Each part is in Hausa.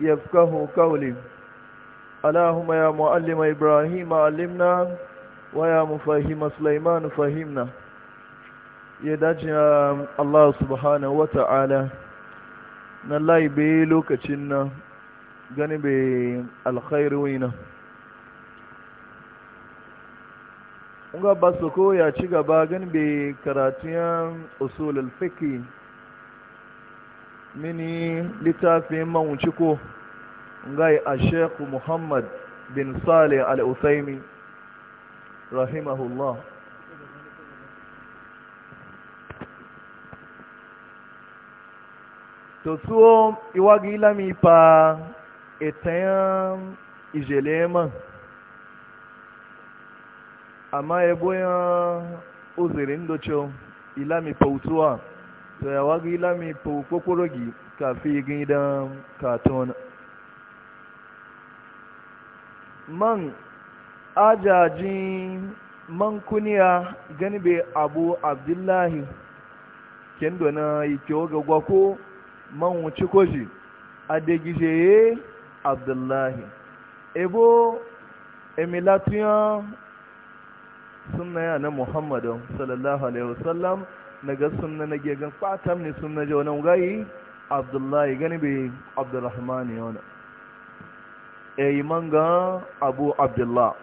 يفقه قولي اللهم يا معلم ابراهيم علمنا ويا مفهم سليمان فهمنا يدج الله سبحانه وتعالى نلاي بي لوكتشنا جانب الخير وينا Nga ba su ko ya ci gaba gan bai karatiyan usulul fiqh mini littafin mawunciko ngai a sheikh muhammad bin saleh al rahimahullah to suwo iwagi lami pa etayan ijelema amma eboyan uzirin docho ilami pautuwa to wagi lami po kokorogi ka fi gidan katon man ajajin man kuniya ganibe abu abdullahi kendo na ike ga gwako man wuce koji adegijeye abdullahi ebo emilatiyan sunaya na Muhammadu sallallahu alaihi wasallam naga sunna na gegan kwatam ne sunna jo nan gai abdullahi gani be abdurrahman yona e manga abu abdullah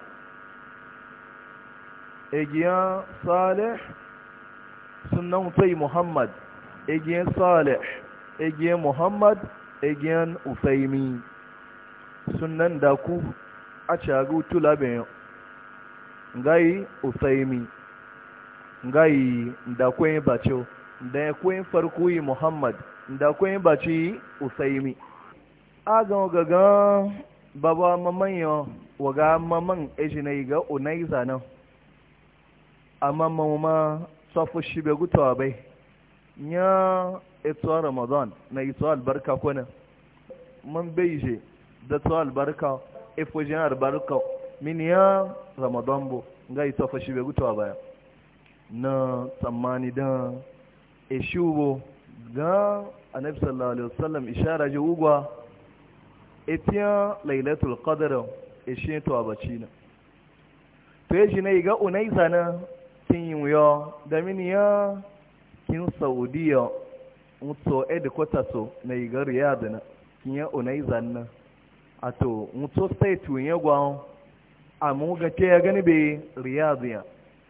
e giya salih sunnan utai muhammad e giya salih e giya muhammad e giya usaimi sunnan da ku a cagu tulabe gai usaimi ngai da kwen bacho da kwen farko yi muhammad da kwen baci usaimi agan gaga baba mamanyo waga maman yi ga unai A amma mamma safu shibe gutawa bai ya ito ramadan na ito albarka kuna man beije da to albarka jinar barka min ya ramadan bu ga ito fashi bai gutawa baya na tsammani don eshubo ga annabi sallallahu alaihi wasallam ishara ji ugwa etiyan lailatul qadr eshe to abaci na to ya shi ne ga unaisa na kin yi da ya kin saudiya mutu edikota so na iga riyad na kin ya unaisa na a to state yin gwa amu ga ke ya gani bai riyadu ya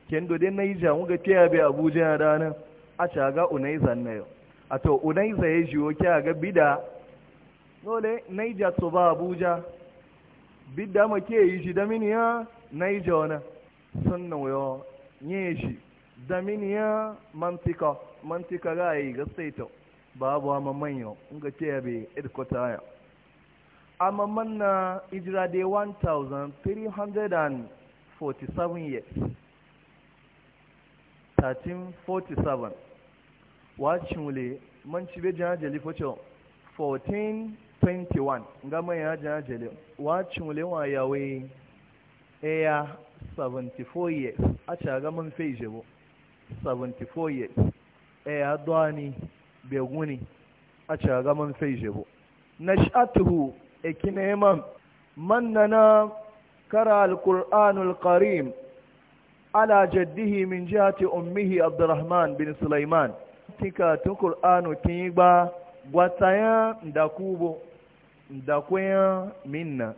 kendo dai na yi jamu ga fiya bi abuja ya dana a caga unaiza na yau a to unaiza ya jiwo kya ga bida dole naija to ba abuja bida ma ke yi shi daminiya naija wana sannan yau yi shi daminiya mantika mantika ga yi ga saito babu amma manyan ga fiya bai irkota ya amma manna ijira dai 1347 years 1347 wa wule manci be jana jeli focho 1421 ga mai ya jana jeli wacin wule wa yawe eya 74 years a ga man fai jebo 74 years eya dwani beguni a ga man fai jebo na sha'atuhu ekineman man na na kara alkur'anul karim ala jaddihi min جهة ummihi abdurrahman bin sulaiman tika تكا qur'anu kin gba gwataya da kubo da minna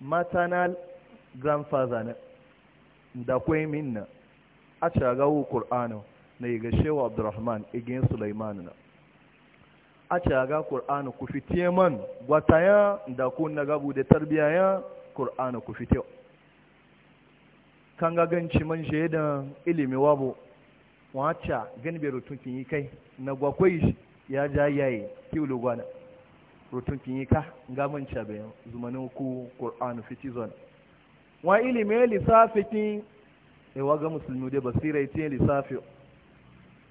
na grandfather na da koya minna a cagawo na ga shewa abdurrahman igin sulaiman na a caga ku fitiye man gwataya da gabu da tarbiyaya qur'ana ku fito kan ga ganci man shaidan ilimi wabo wacce ganbe bai rutunkin yi kai na gwakwai ya ja yayi kiwulu gwana rutunkin yi ka gaman cabe zumanin ku ƙor'anu fiti zon wa ilimi lissafikin ya e waga musulmi da basira ita lissafi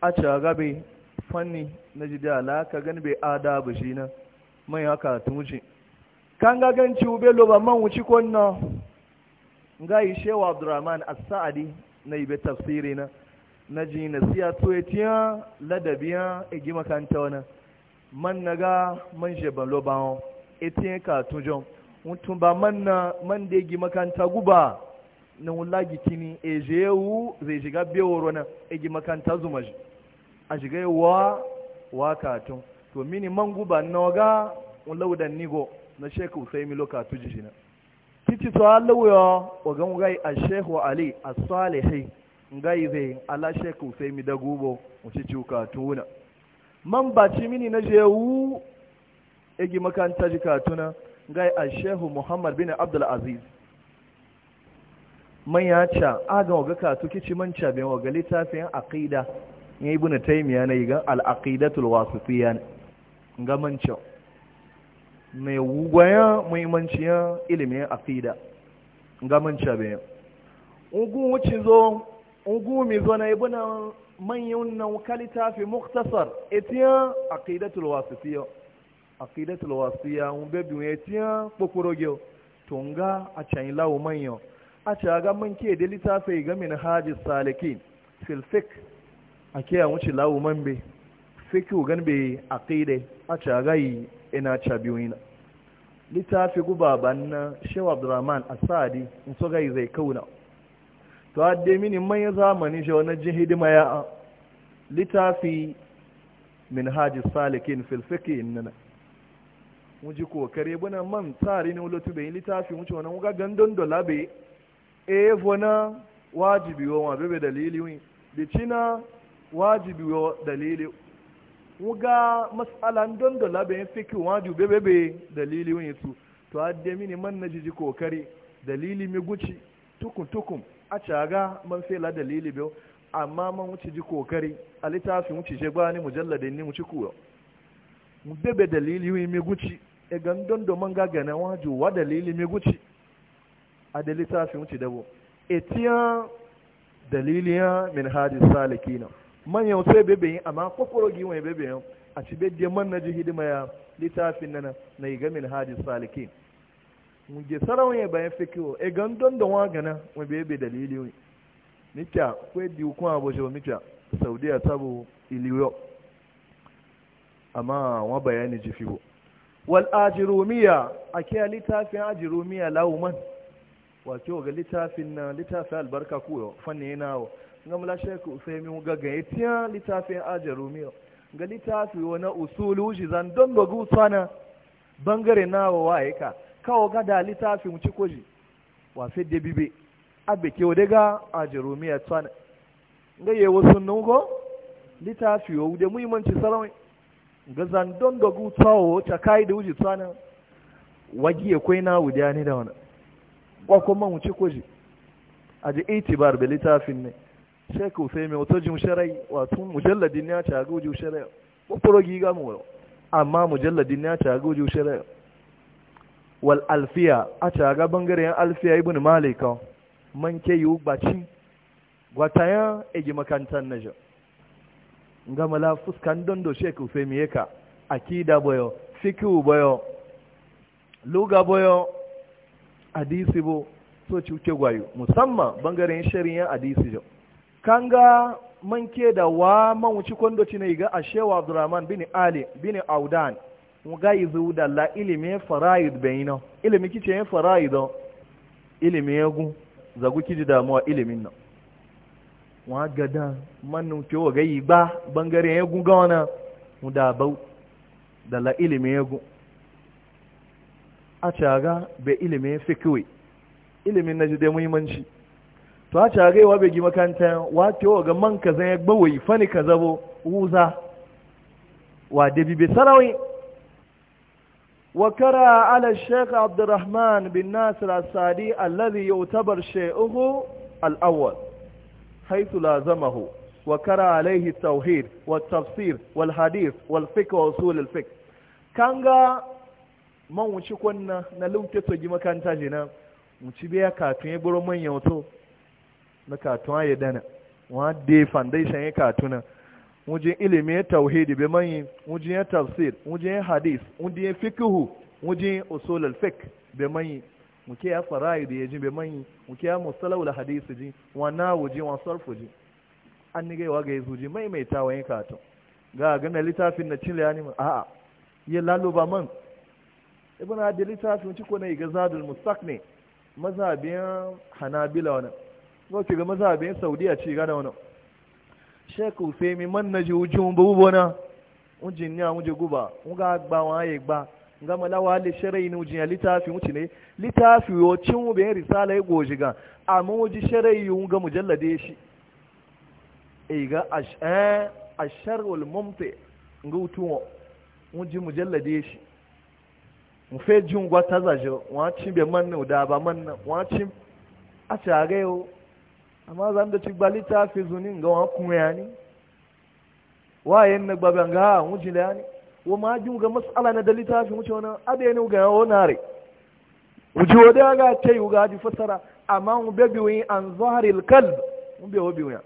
a ca gabe fanni na jidala ka ganbe bai adabu shi na mai haka tun wuce kanga ganci ube loba man wuci kwanna ga yi shewa abdurrahman as-sa'adi na ibe tafsiri na na ji siya to ya tiya ladabiya e gima kanta wana man man ga man sheban loba on e ka tujon mutum ba man na man de gima kanta guba na wula gikini e jewu zai shiga beworo na e gima kanta zuma a shiga wa wa ka to mini man guba na ga wula wudan nigo na loka tuji shi na kici to allawo ogan gai a shehu ali as-salihi ngai zai ala sai mi dagubo gubo ci cuka tuna man ci mini na jewu egi makanta ji tuna ngai a shehu muhammad bin abdul aziz man ya ca aga waga katu kici man ca bin ga littafin aqida ya ibnu taymiya ne ga al-aqidatul wasitiyya ga man ca mai wugwaya muhimmanciyar ilimin afida ga manca bayan ugu wuce zo ugu mai zo na na manyan nan kalita fi muktasar etiyan aqidatul wasifiyya aqidatul wasifiyya un bebi un etiyan To nga a can lawo manyan a ci ga man ke da littafi ga min haji saliki filfik a ke an wuce lawo man be fiqh gan a aqida a ca ga ina ca na littafi gubaban na shehu abdurrahman asadi in so gai zai kauna to adde mini ya zamani shehu na jin hidima ya littafi min hajji salikin filfiki nana ji kokare bana man tsari ne wulotu bai littafi ci wani wuga gandun dola bai Evo na wajibi wa bebe dalili wi bicina wajibi wa dalili wuga matsalan don da labayin fikin waju bebebe dalili wani su to adde mini man na jiji kokari dalili mi guci tukun tukun a caga man fela dalili biyu amma man wuce ji kokari a littafin wuce je ba ni mujalladin ni wuce kuwa mu bebe dalili wani mi guci e gan don da man gagana waju wa dalili mi guci a da littafin wuce dabo etiyan daliliya min hadis salikina manyan sai bebe yin amma kwakwaro gi wani bebe yin a ci bedde man na ji hidima ya littafin na iga min hajji saliki mu je sarawun ya bayan fikiwo e gan don da gana mu bebe dalili ne mita kwai diwu kuma abuja shi mita saudiya sabu iliyo amma wa bayani ji fiwo wal ajirumiya a kiya littafin ajirumiya lauman wato ga littafin na littafin albarka kuwa fanni yana ngamla sheku usaimin gaga ya tiya littafin ajar nga ga littafi wani usulu shi zan don ba gusana bangare na wa waye ka kawo ga da littafin ci koji wa sai da bibe abe ke wade ga ajar rumiyo tsana ga wosun wasu nungo littafi wa da muhimmanci sarawai ga zan don gu tawo ta kai da wuji tsana wagiye kwai na wuda ne da wani kwa kuma mu ci koji a ji itibar da littafin ne sheku sai mai wato jin sharai wato mujalladin ya ta goju sharai kokoro giga mu amma mujalladin ya ta goju sharai wal alfiya a ta ga bangaren alfiya ibn malika man ke yu baci gwataya egi makantan naja ngama la fuskan dondo sheku sai mi yaka akida boyo fikiu boyo luga boyo hadisi bo so ci gwayo musamman bangaren shari'a hadisi jo kanga man ke da wa man wuci kwando ci ne ga ashewa abdurrahman bin ali bin audan ga izu da la ilimi faraid bayina ilimi kice yin faraid ilimi yagu zagu kiji damuwa ilimin nan wa gada man ke wa gayi ba bangare yagu ga wana mu da bau da la ilimi yagu a caga be ilimin fikwi ilimin na ji da muhimmanci to ta gaiwa bai gi makanta wato ga man ka zan yagba wai fani ka zabo wuza wa dabi bai sarawi wa kara ala sheikh abdurrahman bin nasir asadi allazi ya utabar al'awwal haitu lazamahu wa kara alaihi tauhid wa tafsir wal hadith wal fiqh wa usul al fiqh kanga man wuce kunna na lumtato gi makanta jina mu ci biya kafin ya buru manyan wato na katuwa ya dana wani de foundation ya katuna wujin ilimin ya tauhidi bai manyi wujin tafsir wujin hadis wujin fikihu wujin ya usulul fik bai manyi muke ya da ya ji bai manyi muke ya musalawul hadisi ji wana nawuji wani sarfu ji an ni gaiwa ga yazo ji maimaita wani katun ga ga littafin na cile ya nima a'a ya laluba man ibn da littafin ci ko ne ga zadul mustaqni mazhabiyan hanabila wani. ga ki ga mazhabin saudiya ci ga da wani sheku sai mi man na jujun bubu na unjin ne unje guba ga gba wa ye gba nga malawa le sharai ni ujin litafi muti ne litafi yo cin mu be risala ye goji ga amma uji sharai yun ga mujallade shi e ga ash eh asharul mumti nga utuwo unji mujallade shi mu fe jun gwata zaje wa cin be man ne da ba man wa cin a tare amma zan da ci gba littafi zunin ga wa kun ya ni wayen na gba ban ga wuji la ni wa ma ji ga mas'ala na da littafi wuce wannan ade ne ga ya wuji wa da ga yi ga ji fasara amma mu be biwi an zahril kalb mu be biyu wa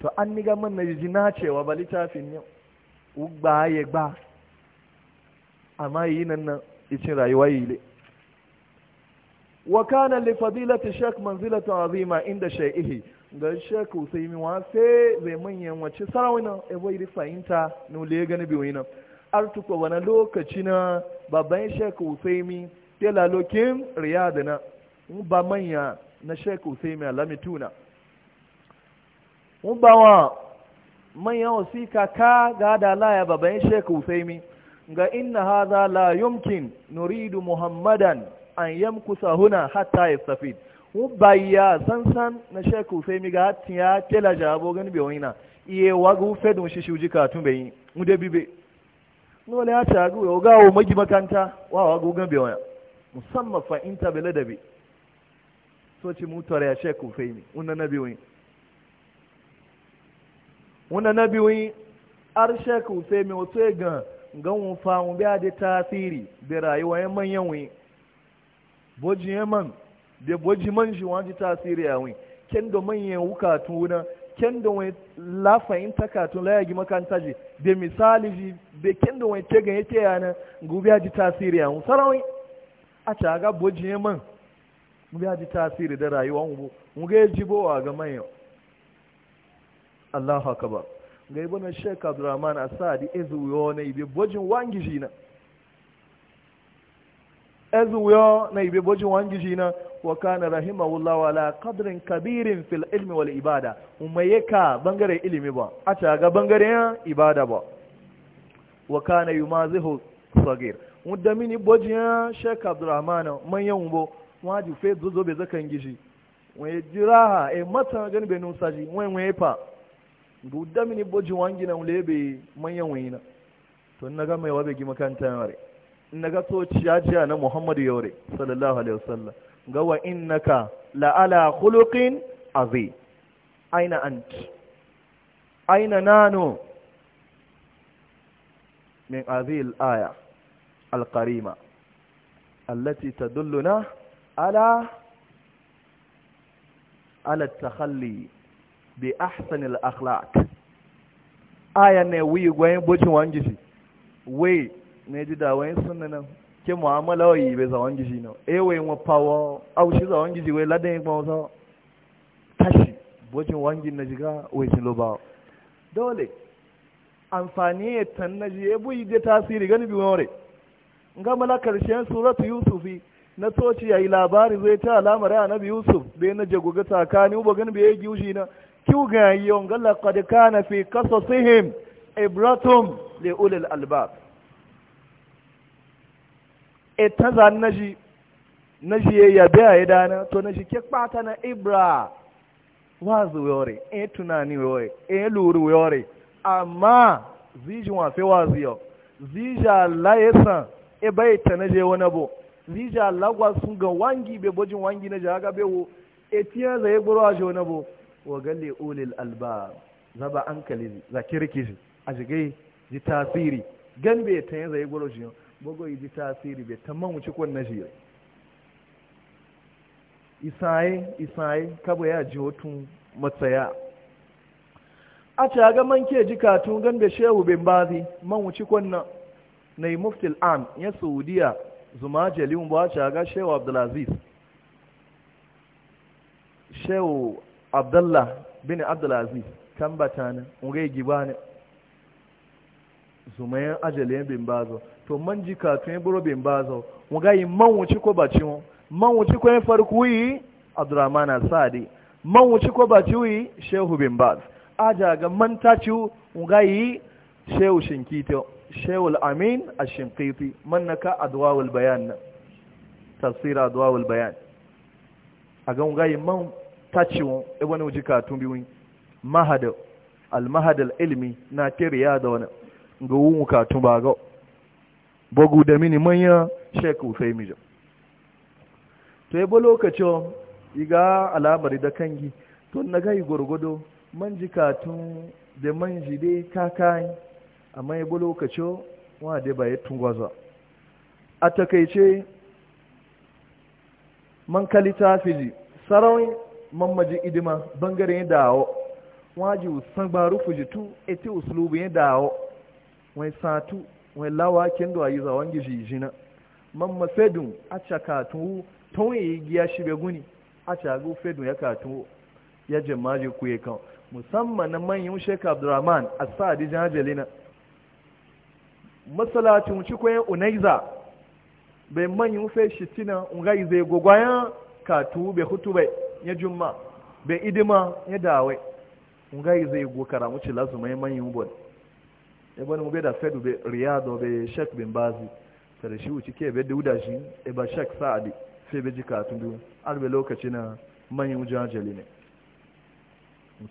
to an ni ga man na ji na cewa ba littafin ne u gba ya gba amma yi nan nan icin rayuwa yi le wa kana li fadilati shek manzilatu azima inda shay'ihi ga shek usaimi wa sai zai manyan wace sarawina e bai ri fahimta no le gani bi wina ko wana lokaci na babban shek usaimi la lokin riyad na ba manya na shek usaimi alamituna mun ba wa manyan wasika ka ga da laya babban shek usaimi ga inna hadha la yumkin nuridu muhammadan an yamkusa huna hatta yastafid bayya sansan na sheku sai mi ga tiya kela jabo gani be wina iye wagu fedun shi shuji katun bai yi da bibe no le ata gu ga o magi makanta wa wagu gan be wina musamman fa inta be bi so ci tore ya sheku sai mi unna nabi wina unna nabi wina ar sheku sai mi wato gan gan fa mu biya da tasiri bi rayuwar manyan wina boji yaman da boji man shi wani tasiri a wani ken da manyan wukatu na ken da wani lafayin takatun layagi makanta ji da misali ji da ken da wani ce ganye ce yana gobe ya ji tasiri a wani sarawai a caga boji yaman gobe ya ji tasiri da rayuwa wani mu ga ya jibowa ga manyan Allahu akbar ga ibn Sheikh Abdulrahman Asadi ezu yone ibe bojin wangi jina ezuwa na ibe bojin wangi shi na wa kana rahimahullahu ala qadrin kabirin fil ilmi wal ibada umayeka bangare ilimi ba a ta ga bangare ibada ba wa kana yumazihu sagir mudda mini bojin Sheikh Abdulrahman manyan bo waji fe zozo be zakan gishi waye jiraha e mata gani be nusaji waye waye fa budda mini bojin wangi na ulebe manyan wayina to naga mai wabe gi makanta mare na ga tociya jiya na muhammadu yaure sallallahu alaihi wasallam ga wa innaka la'ala khuluqin azi aina ant aina nano min azil aya alqarima التي تدلنا bi على التخلي بأحسن aya ne نوي وين بوجه wangisi وي ne ji dawayin sunna nan ke mu'amala yi bai zawon gizi na ewe eh wa pawo au shi zawon gizi wai ladin yi gbawo tashi bocin wangin na jiga wai sun loba dole amfani ya tan na ji ebu yi je tasiri gani bi wore nga mala karshen suratu yusufi na soci ya yi labari zai ta alamar ya nabi yusuf bai na jagoga tsakani uba gani bai yi gishi na kiw ga yi yawan ga laqad na fi sihim ibratum le ulil albab e ta ji na ji ya yabe a idana to shi ke kpata na ibra wazu yore e tunani yore e luru yore amma ziji wafe wazu yau zija la ya san e bai ta naje wani bo zija Allah sun ga wangi be bojin wangi na jaga wo e tiya za ya gburo aje wani bo wa galle ulil alba zaba kalizi za kirki a jigai ji tasiri gan be ta yanzu ya gburo jiyon bogo ji tasiri bai tamman wuce kwan na jiya isaye isaye kaba ya ji hotun matsaya a ce ga man ke ji katun gan da shehu bin bazi man wuce kwan na na yi muftil an ya saudiya zuma jalin ba ce ga shehu abdulaziz shehu abdullah bin abdulaziz kan batana ungai gibana ya ajalin bin bazo to man ji katun ya buro bin bazo mu ga yin man wuci ko baci mu man wuci ko farko yi abdurrahman asadi man wuci ko baci yi shehu bin baz aja ga man ta ci mu ga yi shehu shinkito shehu al-amin ash-shinkiti man naka adwaul bayan tafsir adwaul bayan A ga mu ga yin man ta ci mu e wani wuci katun biwin mahad al-mahad al-ilmi na kiriya da wani ga wu katun ba ga bugu da mini manya sheik usaimi mija to yabo lokacin iga alabari da kangi tun na gai gwargwado man da man jide kakai amma yabo lokacin wade ba ya tungwaza a takaice man kalita fiji sarawin mammaji idima bangaren dawo waji fiji tun fujitu eti usulubu ya dawo wai satu wani lawa kin da yi zawon gishi jina man fedun a cakatu tun yi giya shi guni a cagu fedun ya katu ya ku ya kan musamman na manyan shekar abdurrahman a sa'adi na masalacin cikwayen unaiza bai manyan fe shi tina ungai zai gwagwayan katu bai hutu bai ya jumma bai idima ya dawai ungai zai gwakara mucila mai manyan bol e bani mu da fedu be riyado be shek bin bazi tare shi wuci ke be duda shi e ba shek sa'adi sai be jika tun du albe lokaci na manyan jajali ne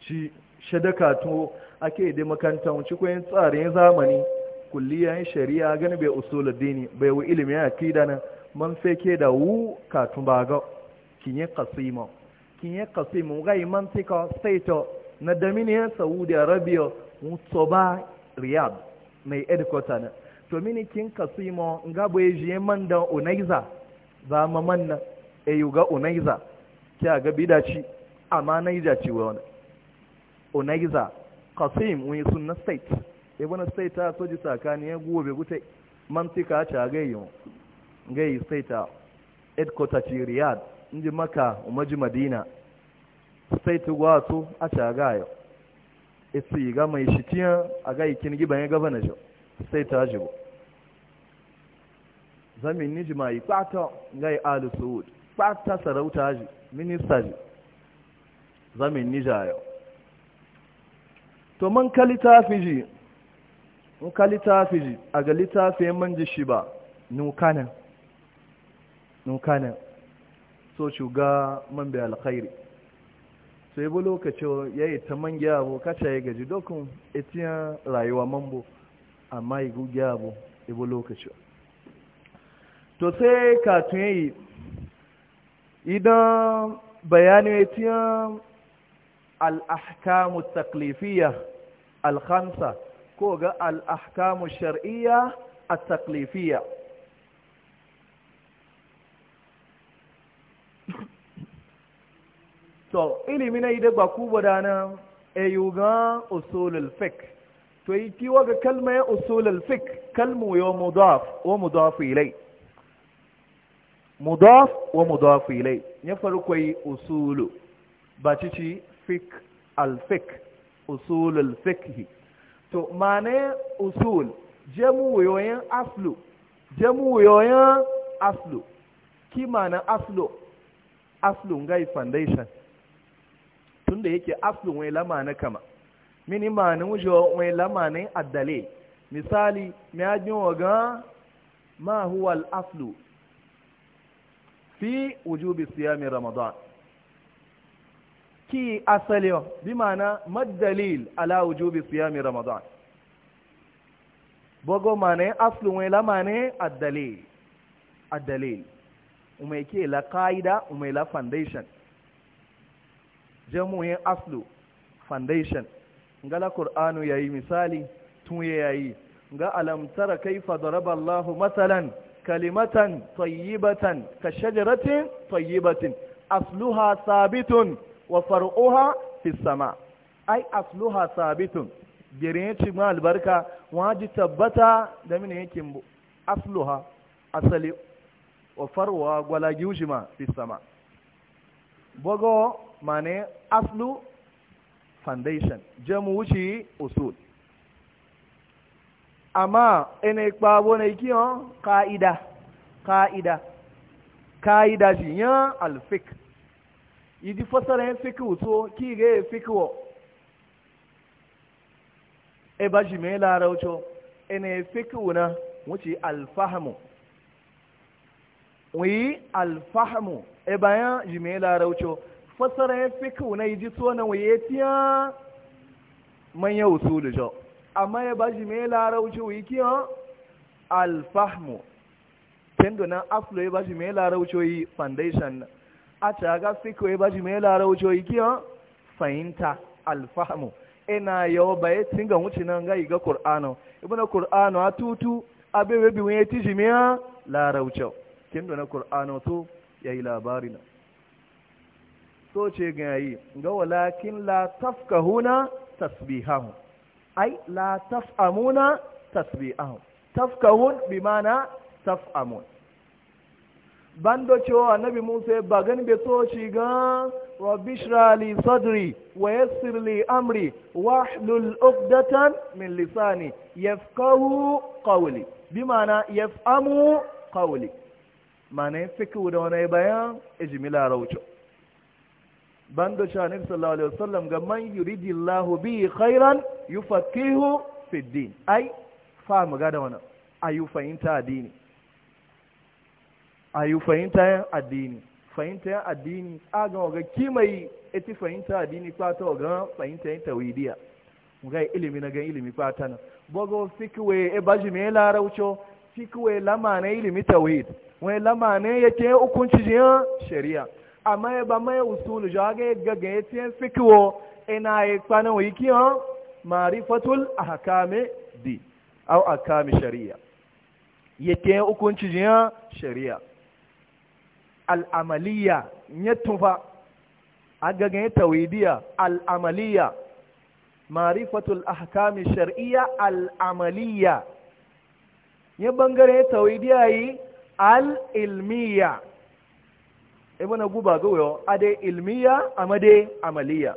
ci shadaka to ake da makanta wuci koyin tsarin zamani kulliyan shari'a gani bai usul dini bai wa ilimi ya akida na man ke da wu katun baga kinye kasima kinye kasima ga man tika state na dominion saudi arabia mutsoba riyadh mai edikota na to mini kin kasimo nga boye je man da unaiza za ma man na e ga unaiza kya ga bidaci amma naija ci wani unaiza kasim wani sunna state e wani state ta soji tsakani ya e gobe gute mantika ta ga e yi e state ta edikota ci in inji maka umaji madina state gwato a ta isi ga mai yi shitiya a ga ikin giban ya gaba na jau sai ta jibo zamin ni jima yi kwata ga yi alu suwud kwata sarauta ji minista ji zamin ni yau to man ka littafi ji in ka littafi ji a ga littafi man ji shi ba nukanan nukanan so shuga man bai alkhairi sai bu lokacin ya yi ta mangya abu kacha ya gaji dokun etiyan rayuwa mambo amma yi gugya abu ibu lokacin to sai katun yi idan bayanin etiyan al'ahkamu taklifiya alhamsa ko ga al'ahkamu shar'iyya a taklifiya to ilimi na ida ba ku na ayuga e usulul fiqh to yi kiwa ga kalma ya usulul fiqh kalmu yo mudaf wa mudaf ilay mudaf wa mudaf ilay ya farko yi usulu ba cici fiqh al fiqh usulul fiqh to mane usul jamu yoyin aslu jamu yoyin aslu mana aslu aslu ngai foundation tunda yake aslin wai lama na kama mini ma na wuce wai lama na addale misali mai ajin waga ma huwa al fi wujubi siyami ramadan ki asali bi mana madalil ala wujubi siyami ramadan bogo mane aslu wai lama ne addalil addalil umai ke la ƙa'ida umai la foundation jamuhin aslu foundation ngala qur'anu yayi misali tun yayi ga alam tara kaifa daraba Allahu kalimatan tayyibatan ka shajaratin tayyibatin asluha sabitun wa far'uha fis sama ai asluha sabitun girin ci ma albarka waji tabbata da mini yakin asluha asali wa Faruha gwala giushi ma fis sama bogo mane aslu foundation jamu wuce usul amma ina ipa wani kiyon ka'ida ka'ida ka'ida ji yan alfik idi fasarin fikiru to ki ga fikiru e ba ji shi mai larauco ina fikiru na wuce alfahamu wuyi alfahamu e bayan ji mai larauco fasara ya fi kauna yi ji tona waye tiya manya da jo amma ya shi me larauci wi kiyo alfahmu tendo na aflo ya shi me larauci wi foundation a ta ga fiko ya shi me larauci yi kiyo fahimta alfahmu ina yau ba ya tinga wuce nan ga kur'ano qur'ano na kur'ano a tutu ya webi wani mai larauci kendo na kur'ano to labari na. so ce gayi ga walakin la tafkahuna tasbihahu ai la tafamuna tasbihahu tafkahun bi mana tafamun bando cewa nabi musa ba gani bai so ci ga rabishra li sadri wa yassir li amri wahlul uqdatan min lisani yafqahu qawli bi mana yafhamu qawli mana fikihu da wani bayan ijmila Bandu sha nabi sallallahu alaihi wasallam ga man yuridillahu bi khairan yufaqihu fi din ai fa mu ga da wannan ayu fahimta addini ayu fahimta addini fahimta addini a ga ga kimai eti fahimta addini kwata ga fahimta tawhidiya mu ga ilimi na ga ilimi ta na bogo fikwe e baji me raucho fikwe lamane ilimi tawhid wai lamane yake hukunci shari'a amma ya ba mai usulu jage ga gaga ya fikwo ina ya kwana wa yiki marifatul ahkami di au akami shari'a yake hukunci jiya shari'a al'amaliya ya tufa a gaga ya tawidiya al'amaliya marifatul ahkami shari'a al'amaliya ya bangare tawidiya yi al-ilmiya ibn guba a dai ilmiya made amaliya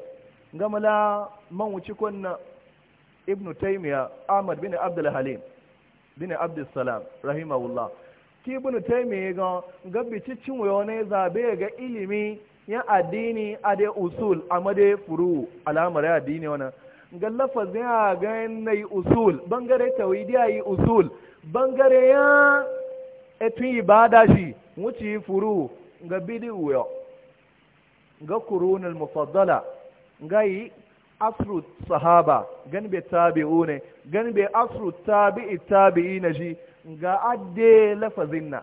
gamala man wuci konna ibnu taymiya ahmad bin abdul halim bin abdul salam rahimahullah ki ibn taymiya ga gabi cikin wayo ne zabe ga ilimi ya addini dai usul made furu alamar addini wannan ga lafazin ya ga nai usul bangare tawhidi yi usul bangare ya etun ibada shi wuci furu Nga wuyo, nga ga kurunul mufaddala ngai asru sahaba gan be tabi'une gan be asru tabi'i tabi'i na ji ga adde lafazinna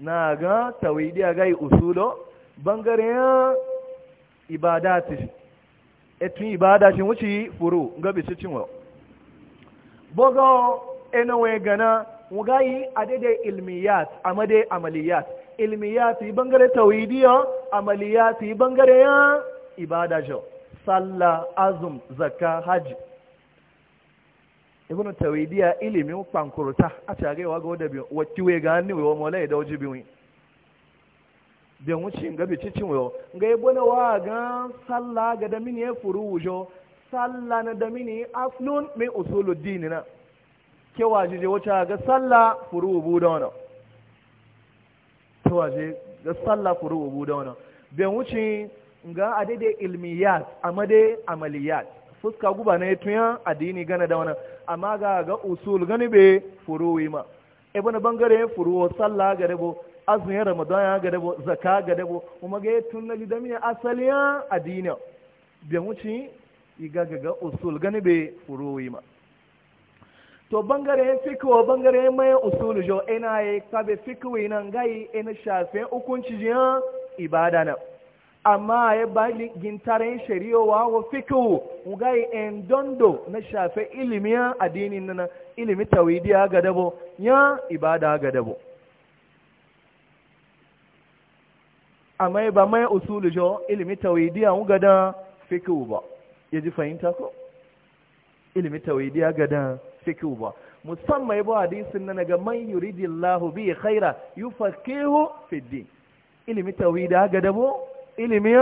na na ga tawidiya gai usulo bangaren ibadati etu etun ibada shi wuce furu ga bisu cinwa bogo enawe gana wugayi adede ilmiyat amade amaliyat ilmiyati bangare tawhidiya amaliyati bangare ya ibada jo sallah azum zakka hajj ibn tawidiya ilimi pankurta a tare wa goda bi wacce ga ni wa mola da wajibi wi bi wuci ga bi cicin wo ga ibona wa ga sallah ga da mini ya furujo sallah na da mini e aflun min usuluddin na ke wajije wacce ga sallah furu budono ta waje ga sallah furu ubu da wannan ben wuce ga adede ilmiyat dai amaliyat fuska guba ne tuya addini gana da wannan amma ga ga usul gani be furuwi ma ibn bangare furuwa sallah ga dabo azumin ramadan ya ga dabo zakka ga dabo kuma ga tun na gidami asaliya addini ben wuce iga ga usul gani be furuwi ma to bangare fikwa bangare mai usulu jo ina yi kabe fikwi nan gai ina shafe hukunci jiyan ibada na amma ya ba gintarin shari'owa wa fikwu gai en dondo na shafe ilimiyan addinin nan ilimi tawidiya ga dabo ya ibada ga dabo amma ba mai usulu jo ilimi tawidiya ga da fikwu ba ya ji fahimta ko ilimi tawidiya ga da fikihu ba musamman ibo hadisin na ga man yuridillahu bi khaira yufaqihu fi din ilimi tawhid ga dabo ilimi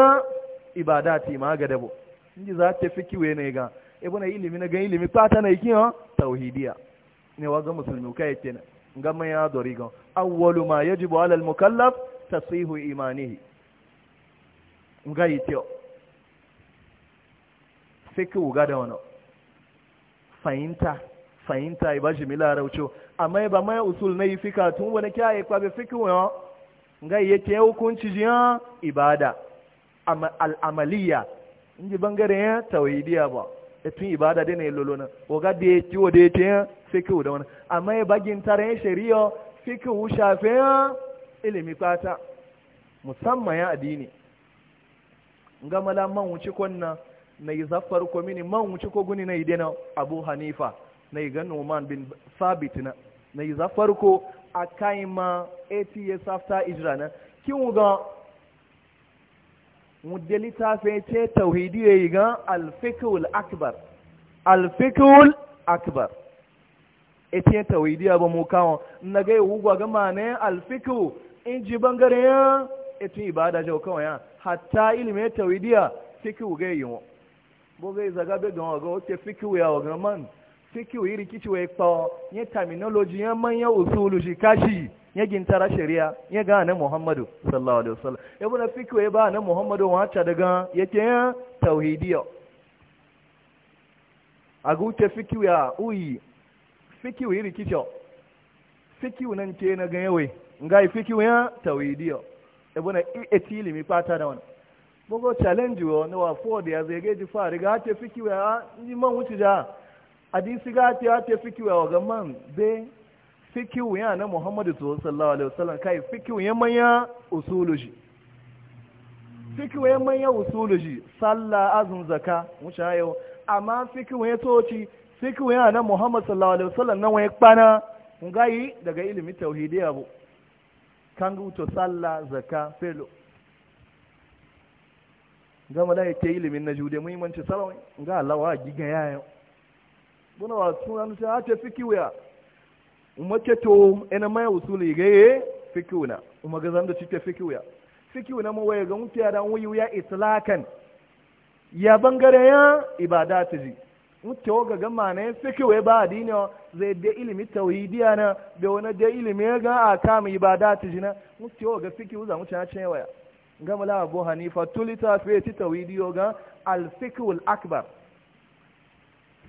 ibadati ma ga dabo inji za ta we ne ga ibuna ilimi na ga ilimi fata na ha tauhidiya ne wa ga musulmi yake kenan ga man ya dori ga awwalu ma yajibu ala al mukallaf tasihu imanihi nga yityo fikihu ga da wannan fahimta fahimta ya ba shi mila raucho amma ba mai usul na yi fika tun wani kyaye kwabe fiki wa ga yake hukunci jiya ibada al'amaliya in ji bangare ya tawhidiya ba da tun ibada dai ne lolo na waga da ya ciwo da ya ce ya fikin da wani amma ya bagin tarin shari'a fikin shafe ya ilimi fata musamman ya addini ga la man wuce kwanna na yi zafar ko mini man wuce ko guni na idena abu hanifa na yi ganin man bin Sabit na na yi zafarko a kai ma 80 years after Ijira na kin ga mudde littafin ce tauhidi ya yi ga alfikul akbar alfikul akbar ita tauhidi ya ba mu kawo na ga yi ga mane alfikul in ji bangare ya ita ibada jau kawai ya hatta ilimin ya fikul ga yi wa bo ga yi zaga bai ga wa ga wata fikiu ya wa ga man fikiu iri kichwe kpa nye terminology nye manya usulu shi kashi nye gintara shari'a nye ga na muhammadu sallallahu alaihi wasallam yabo na fikiu ba na muhammadu wata daga yake ya tauhidiyo agute fikiu ya uyi fikiu iri kicho fikiu nan ke na ganyewe ngai fikiu ya tauhidiyo yabo na etili mi pata da wannan bogo challenge wo na wa ford ya zai ga ji fari ga ta fikiu ya ndi man wuce hadisi ga ta ta fikiwa ga man be fiki ya na muhammadu sallallahu alaihi wasallam kai fiki ya manya usuluji fiki ya manya usuluji sallah azun zaka wuce ayo amma fiki ya toci fiki ya na muhammadu sallallahu alaihi wasallam na wani kpana ngayi daga ilimin tauhidi abu kan to sallah zaka felo gama da ya ke ilimin na jude muhimmanci sarawai ga alawa giga yayo buna wasu an ta ta fikiwa ya umarce to ina mai usuli gaye fikiwa na umar gazan da cike fikiwa ya fikiwa na mawaye ga mutu ya dan wuyu ya itlakan ya bangare ya ibada ta ji mutu ga gama na ya ba ba adini zai da ilimi tauhidiya na da wani da ilimi ga a kama ibada ta ji na mutu ga fikiwa za mutu ya ce waya gama la abu hanifa tulita fiye ti tauhidiyo ga alfikul akbar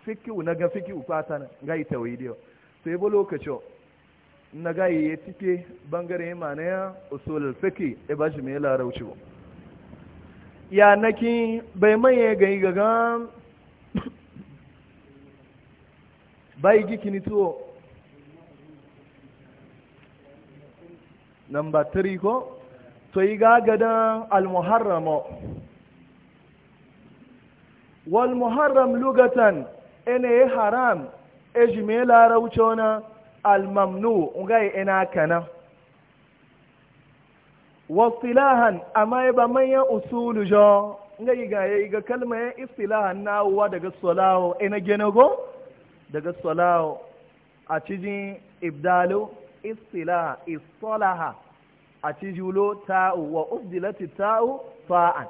fikiu na ga fikiu fata ga yi tawhidiyo sai bo lokacin na ga ya tike bangare ma ya usul fiqi e ba shi me rauci ba ya naki bai ya ga gaga bai kini tuwo number 3 ko to yi gagadan al-muharram wal muharram lugatan ene e haram ejime larauci wani almamnu ngai ina e kana wasilahan amma ya e ba manyan usulu jo nga yi ga kalma ya istilahan wa daga salawo ina genago daga salawo a cikin ibdalu istilah istalaha a cijulo ta'u wa ubdilati ta'u fa'an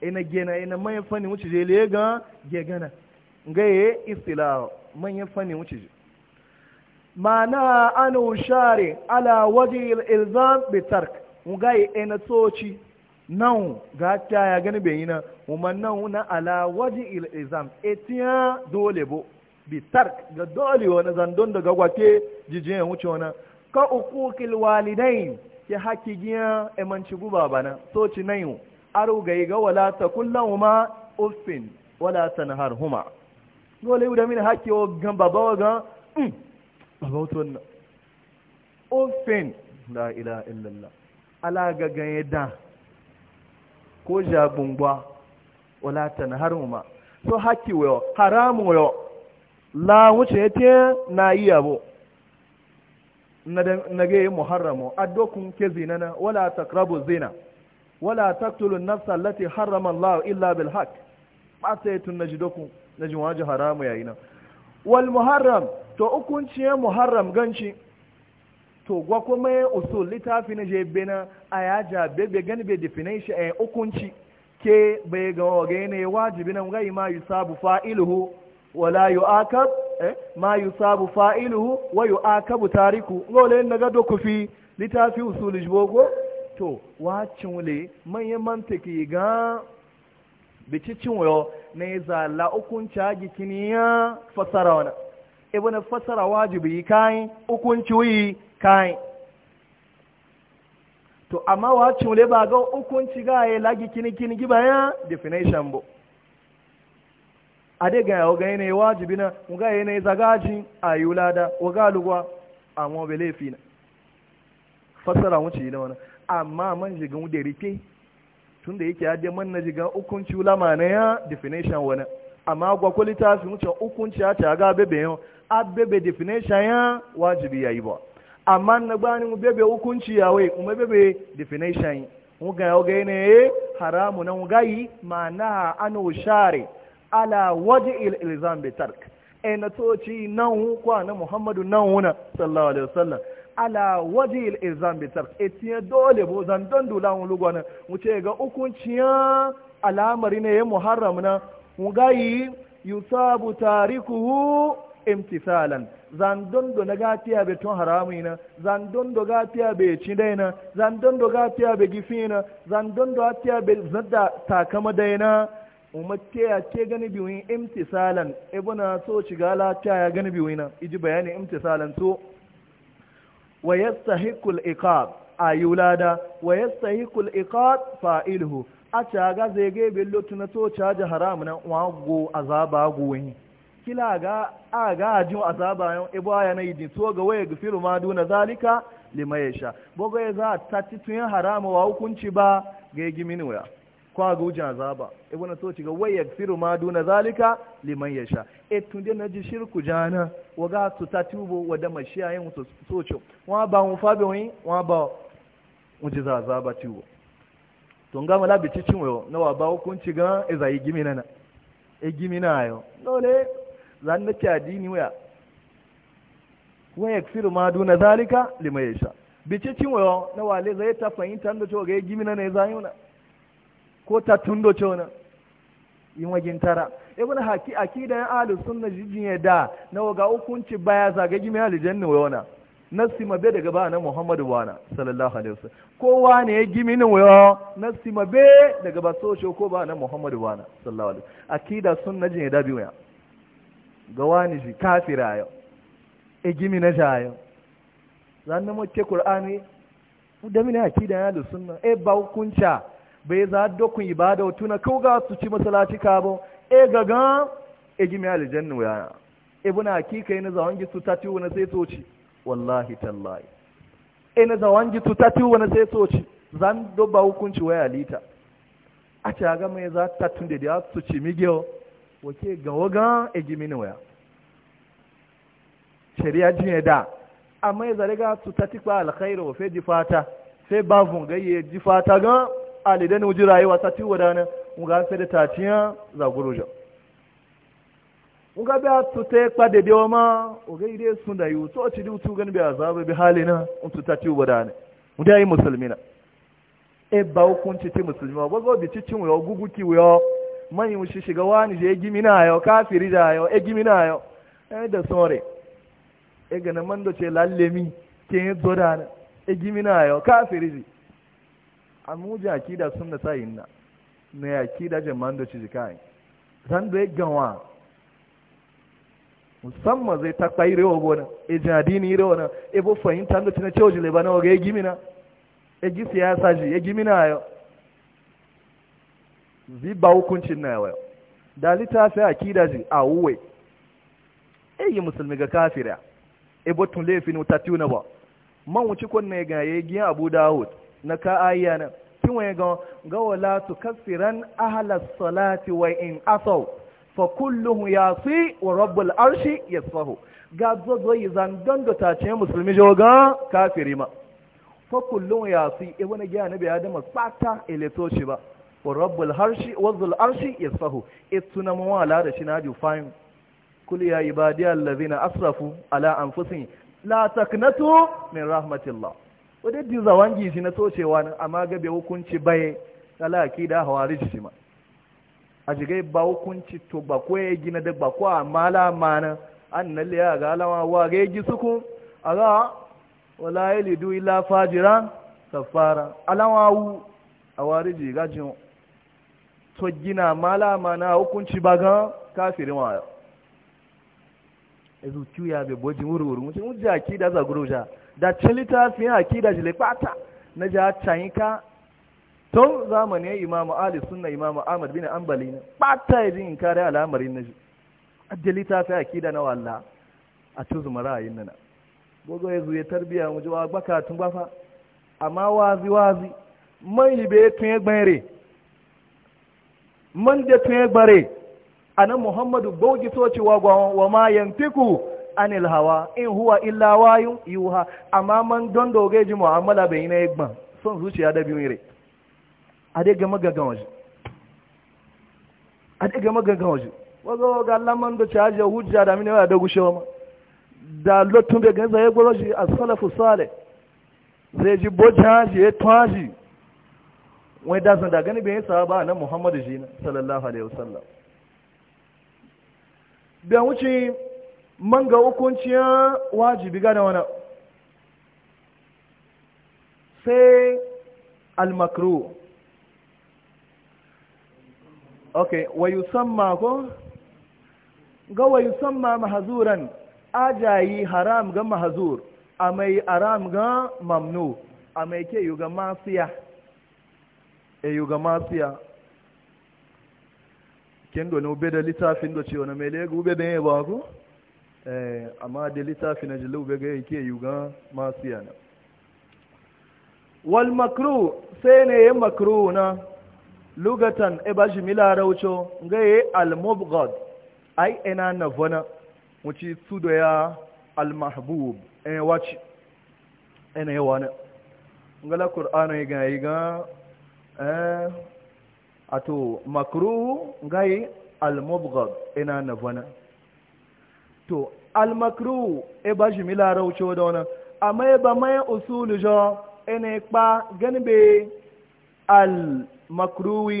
ina gena ina mai fani wuce je lega gegana gaye istila manyan fanni wuce ji mana ana share ala waje ilzam bitark gaye ina tsoci nan ga ta ya gani bai yana kuma nan na ala waje ilzam etiya dole bo bitark ga dole wani zandon daga gwate jijiyan wuce wani ka ukukil walidain ke haki giya emanci guba bana tsoci nan aru gaye ga wala ta kullahuma uffin wala tanharhuma dole wuda mini hake wa gan baba o gan mm, baba ofen da ila illallah ala ga ganye da ko jabungwa wala tanhar ma so hake wo haramu yo la wuce ce na yi yabo na ga yi muharramu addokun ke zinana wala takrabu zina wala taktulun nafsa lati harrama Allah illa bil haqq ba sai tun dokun. na jin waje haramu yayi nan wal muharram to ya muharram ganci to gwa kuma ya usul littafi na je bena a ya ja bebe gani be definition a eh, hukunci ke bai ga waga ne wajibi nan gai ma sabu fa'iluhu wala yu'aqab eh ma sabu fa'iluhu wa akabu tariku ngole na ga doku fi littafi usul jibogo to wacin wule manyan mantiki ga bicikin wayo na ya zala hukunci kini ya fasara wani ibi na fasara wajibi kayan hukunci wuyi kayan to amma wa cule ba ga hukunci ga ya lagi kini kini giba ya definition bo a dai ga yawo ga yanayi wajibi na ga yanayi zagaji a yi wulada wa ga lugwa a mobile fina fasara wuce yi da wani amma man jigin da rike tun da yake ya man na jiga hukunci ulama na ya definition wani amma gwa ta su wuce hukunci ya ta ga bebe yau a bebe definition ya wajibi ya yi ba amma na gbani mu bebe hukunci ya wai kuma bebe definition mu ga yau gai ne eh, haramu na gai ma na anu share ala waje ilzam bi tark e ci nan kwa na muhammadu nan wuna sallallahu alaihi wasallam ala waje ilzam bitar etiye dole bo zan don dula mu lugwana mu ce ga ya al'amari ne ya muharram na mu gayi yusabu tarikuhu imtisalan zan don do naga tiya be ton harami na zan don do ga tiya be dai na zan don do ga tiya be gifi na zan don do tiya be zadda takama dai na umatte ya ke gani biwin imtisalan ibuna e so shiga lafiya ya gani na iji bayani imtisalan to so, wa yastahiqul iqab ayulada wa yastahiqul iqab fa'iluhu a caga zai ga tuna to caja haram na wa go azaba goyin kila ga a ga ajin azaba yan ibo aya na idin to ga waya gafiru ma duna zalika limayasha bogo ya za ta tituyen harama wa hukunci ba ga gimini waya kwa ga wujin azaba ibn e, so ci ga wai firu ma duna zalika liman yasha e tunde na ji shirku jana ga su tatubo da mashiya yin so so ci wa ba mu fabe wani wa ba wujin azaba tiwo to nga mala bi cicin wayo na wa ba hukunci ga e zai gimi nana e gimi na ayo dole zan na ci adini waya wa firu ma duna zalika liman yasha bi cicin wayo na wale zai ta fahimta da cewa ga gimi nana e zai yuna ko ta tundo cewa yin wajen tara ibn haki akida ya sun sunna jijin ya da na waga hukunci baya zaga gimi na. wayona nasi mabe daga ba na muhammadu wana sallallahu alaihi wasallam kowa ne ya gimi ni wayo nasi mabe daga ba so ko ba na muhammadu wana sallallahu alaihi wasallam akida sunna jin ya da biya ga wani ji kafira yo e gimi na jayo zanna mu ce qur'ani mu da mini akida ya da sunna e ba hukunca bai za dokun ibada wa tuna ga su ci masalaci kabo e gaga e gimi aljanna yana e, buna hakika yana zawon gitu ta ci wani sai soci wallahi tallahi ina zawon gitu ta ci wani sai soci zan dobba hukunci waya lita a ci ga mai za ta tun da ya su ci migiyo wake ga waga e gimi mini waya shari'a jin da amma ya zarga su ta tikwa alkhairu fe jifata fe bavun gayye jifata ga alidan uji rayuwa ta ti wadana nga sai da tatiya za guruja nga ba to te de bi ma o ga ide sun da yu to ti du tu gan bi azabe bi halina un tu tati wadana mudai muslimina e ba hukunci ti musulmi ba go bi cin yo guguki yo man mu shi shiga wani je e gimina yo kafiri da yo e gimina yo e da sore e ga na mando ce lallemi ke zo da e gimina yo kafiri amuja akida sunna sai inna na ya akida jama'an da ci jikai ran da gawa musamman zai ta kwaire wa gona e jadini rewa na e bo fahimta da tina cewa jile bana waga ya gimina e gi siyasa ji ya gimina ayo zi ba hukuncin na yawa da littafi akida ji a uwe e yi musulmi ga kafira e bo tun laifin wuta tuna ba man wuci kwanne ga ya giya abu dawud na ka ayyana, na kin waye ga ga wala kasiran ahla salati wa in asaw fa kulluhu yasi wa rabbul arshi yasfahu ga zozo yi zan dondo ta ce musulmi ga kafiri ma fa kulluhu yasi e wani ga nabi adam sata eleto shi ba wa rabbul arshi wa zul arshi yasfahu ituna e wala da shi na ju fine kul ya ibadiyal ladhina asrafu ala anfusihim la taqnatu min rahmatillah wadda di zawangi shi na socewa nan amma gabe hukunci baye talaki da hawari shi ma a jigai ba hukunci to ba ko ya gina da ba ko a mala mana an na liya ga alama wa ga yi suku a ga wala ya lidu ila fajira safara alama wu a wari ji gajin to gina mala mana hukunci ba ga ma yau yanzu zuciya bai bojin wuri-wuri mutum ki da zaguroja da cin littafin akida jile bata na ja cayinka tun zamanin imamu ali sunna imamu ahmad bin ambali ne. bata ya jin kare al'amarin na ji adda littafin akida na walla a ci zuma ra'ayin nana gogo ya zuye tarbiya mu ji wa tun bafa amma wazi wazi man yi be tun ya gbare man da tun ya gbare anan muhammadu bauki tocewa wa ma yantiku anil hawa in huwa illa wayu yuha amma man don doge ji mu'amala bai yi na yagban son zuciya da biyu ire a dai ga magagan waje a dai ga magagan waje wazo ga laman da caje hujja da mini da gushewa ma da lotun bai ganza zai gwaro shi a salafu sale zai ji bojaji ya twaji wai da zan da gani bai sa ba nan muhammadu jina sallallahu alaihi wasallam bai wuce man ga hukunciyar wajibi gane wani sai almakru ok wayusamma ko ga wayusamma mahazuran ajayi haram ga mahazur a mai aram ga mamnu a mai ke yi ga masiya e yi ga masiya kin gani ube da littafin da ce wani mai lagos ube da yi ba ku? Eh, amma da littafi na jilu bai ga yake yugan masu yana wal makro sai ne ya makro na lugatan e ba shi mila raucho ga yi al ai ina na vana su da ya al waci e wace ina yi wani ngala qur'ana yi ga yi ga eh, ato makro ga yi al ina na vana to almakru e ba shi mila rauce da wani amma e ba mai usulu jo ene kpa gani be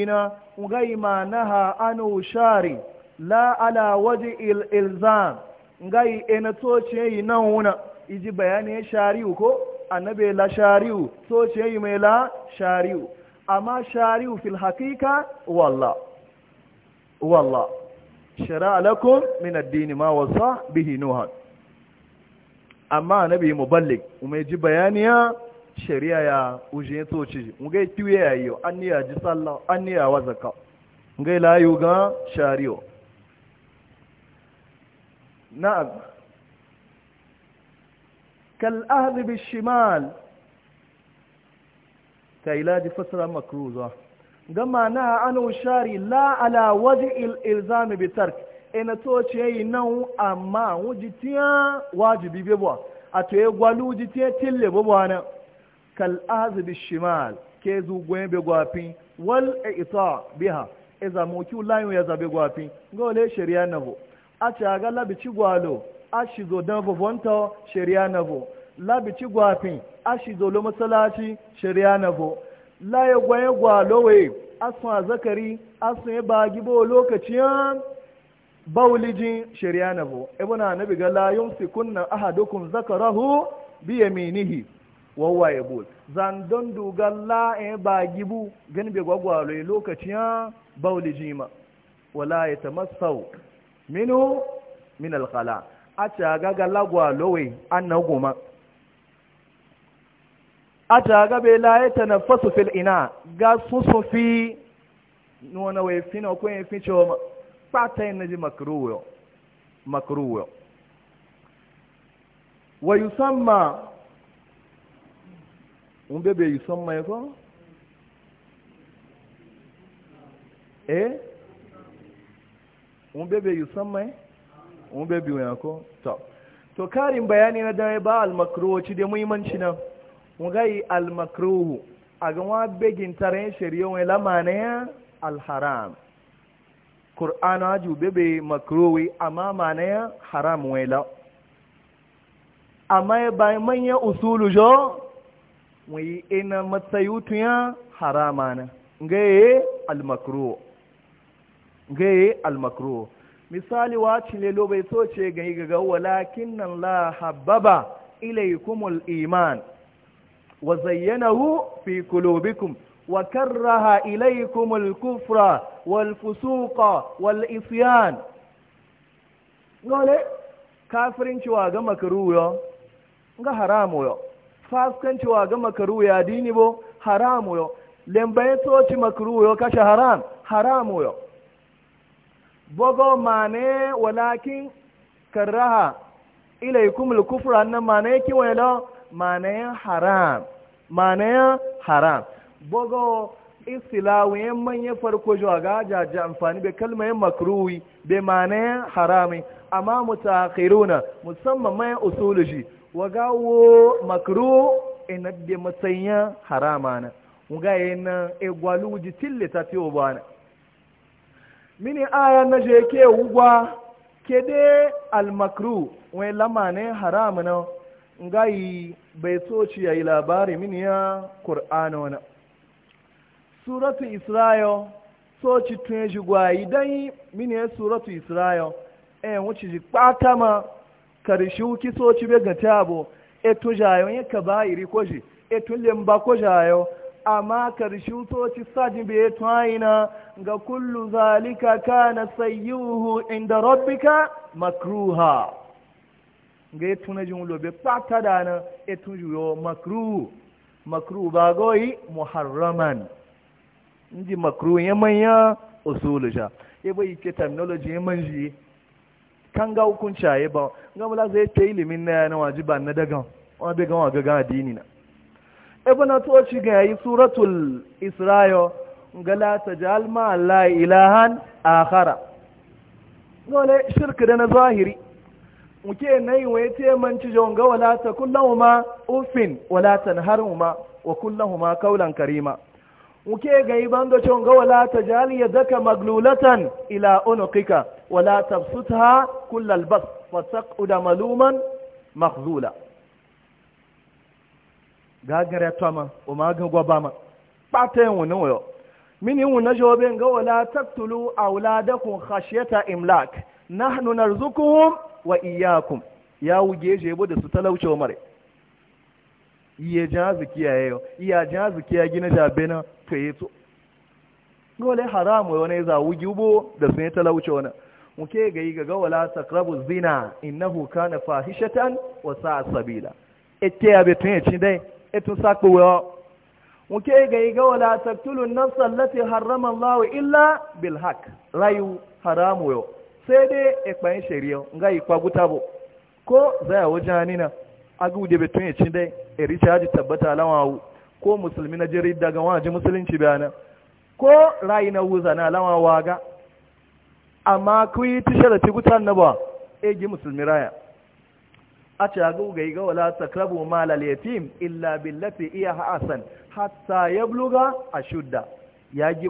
na ngai ma ha anu shari la ala waje il ilzam ngai ene ce yi nan wuna iji bayani e shari'u ko annabe la shari'u ce yi mai la shari'u amma shari'u fil hakika wallah wallah shara'a lakum min addini ma wasa bihi nuha amma annabi muballig umai ji bayaniya shari'a ya ujin toci ngai tiwe yayo anniya ji sallah anniya wazaka ngai layu ga shari'o na'am kal ahdi bishimal kai laji fasara makruza ma na an shari la ala waje ilzami bitark ina to ce yi nan amma wujitiya wajibi bebo a to ya gwalu wujitiya tille bebo na kal bi shimal ke zugwe be gwafi wal e ita biha iza e moki layu ya zabe gwafi gole shari'a nabo a ce ga labici gwalo a zo dan bobonta shari'a nabo labici gwafi a zo lo masalaci shari'a na bo. la ya gwaye gwalowe asun a zakari asun ya ba gibo lokacin baulijin shari'a na bu ibuna nabi ga layun yumsi kunna ahadukum zakarahu bi yaminihi wawa ya bol zan don dogon ba gibu gani bai gwagwalowe lokacin baulijin ma wala ya masau minu min alkhala a ta gaga lagwalowe an na goma a ta gabe laye ta na fasu fil ina ga sun fi nuna wai fi na kun fi cewa fata yin ji makaruwa makaruwa wa yusamma un bebe yusamma ya kuma eh un bebe yusamma ya un bebe yusamma ya kuma to karin bayani na dare ba al-makaruwa ci da muhimmanci nan ngai almakruhu aga wa begin tare shari'a wai e lamana ya alharam qur'an aju bebe makruhi e, amma mana haram wai e la amma bai manya usulu jo wai ina matsayutu ya haramana ngai almakruhu ngai almakruhu misali wacin lelo bai so ce ga yi gaga walakin nan la hababa ilaikumul iman wa zayyanahu fi qulubikum wa karraha ilaykum al-kufra wal-fusuqa wal-isyan ngole kafirinci wa ga makaru yo haramu yo faskanci wa ga makaru ya dini bo haramu yo lembaye toci makaru yo kashe haram haramu yo bogo mane walakin karraha ilaykum al-kufra annan ne ki wala manayan haram manayan haram bogo istilawiyan manyan farko zuwa ga amfani bai kalmayin makruwi bai manayan harami amma mutakhiruna musamman mai usuluji wagawo wo makru ina da matsayin harama na waga yana egwaluji tillita tiyo bana mini aya na je ke wugwa ke dai almakru wai lamanin haramu na ngayi bai so ci yayi labari mini ya qur'ana wana suratu isra'il so ci tun ji gwayi dai mini ya suratu isra'il eh wuce ji kpatama, karshe ki so ci be gatabo e to jayo ya kabairi koji e to lemba ko jayo amma karshe so ci sajin be to aina ga kullu zalika kana sayyuhu inda rabbika makruha ga yi e tuna jin lobe fata da na ya e tujuyo makru makru ba goyi muharraman inji makru ya manya usulu sha ya e bai ke terminology ya manji kan ga hukunci ya ba ga mula zai ta ilimin na yana wajiba na daga wani bai gan gaga gan addini na ibn toci ga yi suratul isra'il ga ta tajal ma la ilahan akhara gole shirka da na zahiri muke nai wa ya ce manci jonga wala ta kullahuma ufin wala tanharhuma wa kullahuma qawlan karima muke ga iban da jonga wala ta jali yadaka maglulatan ila unuqika wala tabsutha kullal bas fasaquda maluman makhzula gagara tama o magan gwabama patayen wannan wayo mini wuna jobe ga wala taktulu auladakum khashyata imlak nahnu narzukuhum wa iyakum ya wuge je bo da su talauce wa mare iye jazu kiyaye yo iya jazu kiya gina da Bena to yeto gole haramu wani za wuge bo da su ne talauce wa muke ga yi ga wala taqrabu zina innahu kana fahishatan wa sa'a sabila ete ya betun ya cin dai eto sakpo wa muke ga yi ga wala taqtulu nafsa allati harrama Allah illa bil haqq rayu haramu yo sai dai ekpayin shari'a nga ikwa gutabo ko a wajen hanina agu da betun ya ci dai e richard tabbata lawawu ko musulmi na jiri daga waje musulunci bayana ko rayu na wuza na lawawa ga amma ku yi tishara ti gutan na ba e gi musulmi raya a ce a ga ga wala takrabu malal yatim illa billafi iya hasan hatta ya a shudda ya gi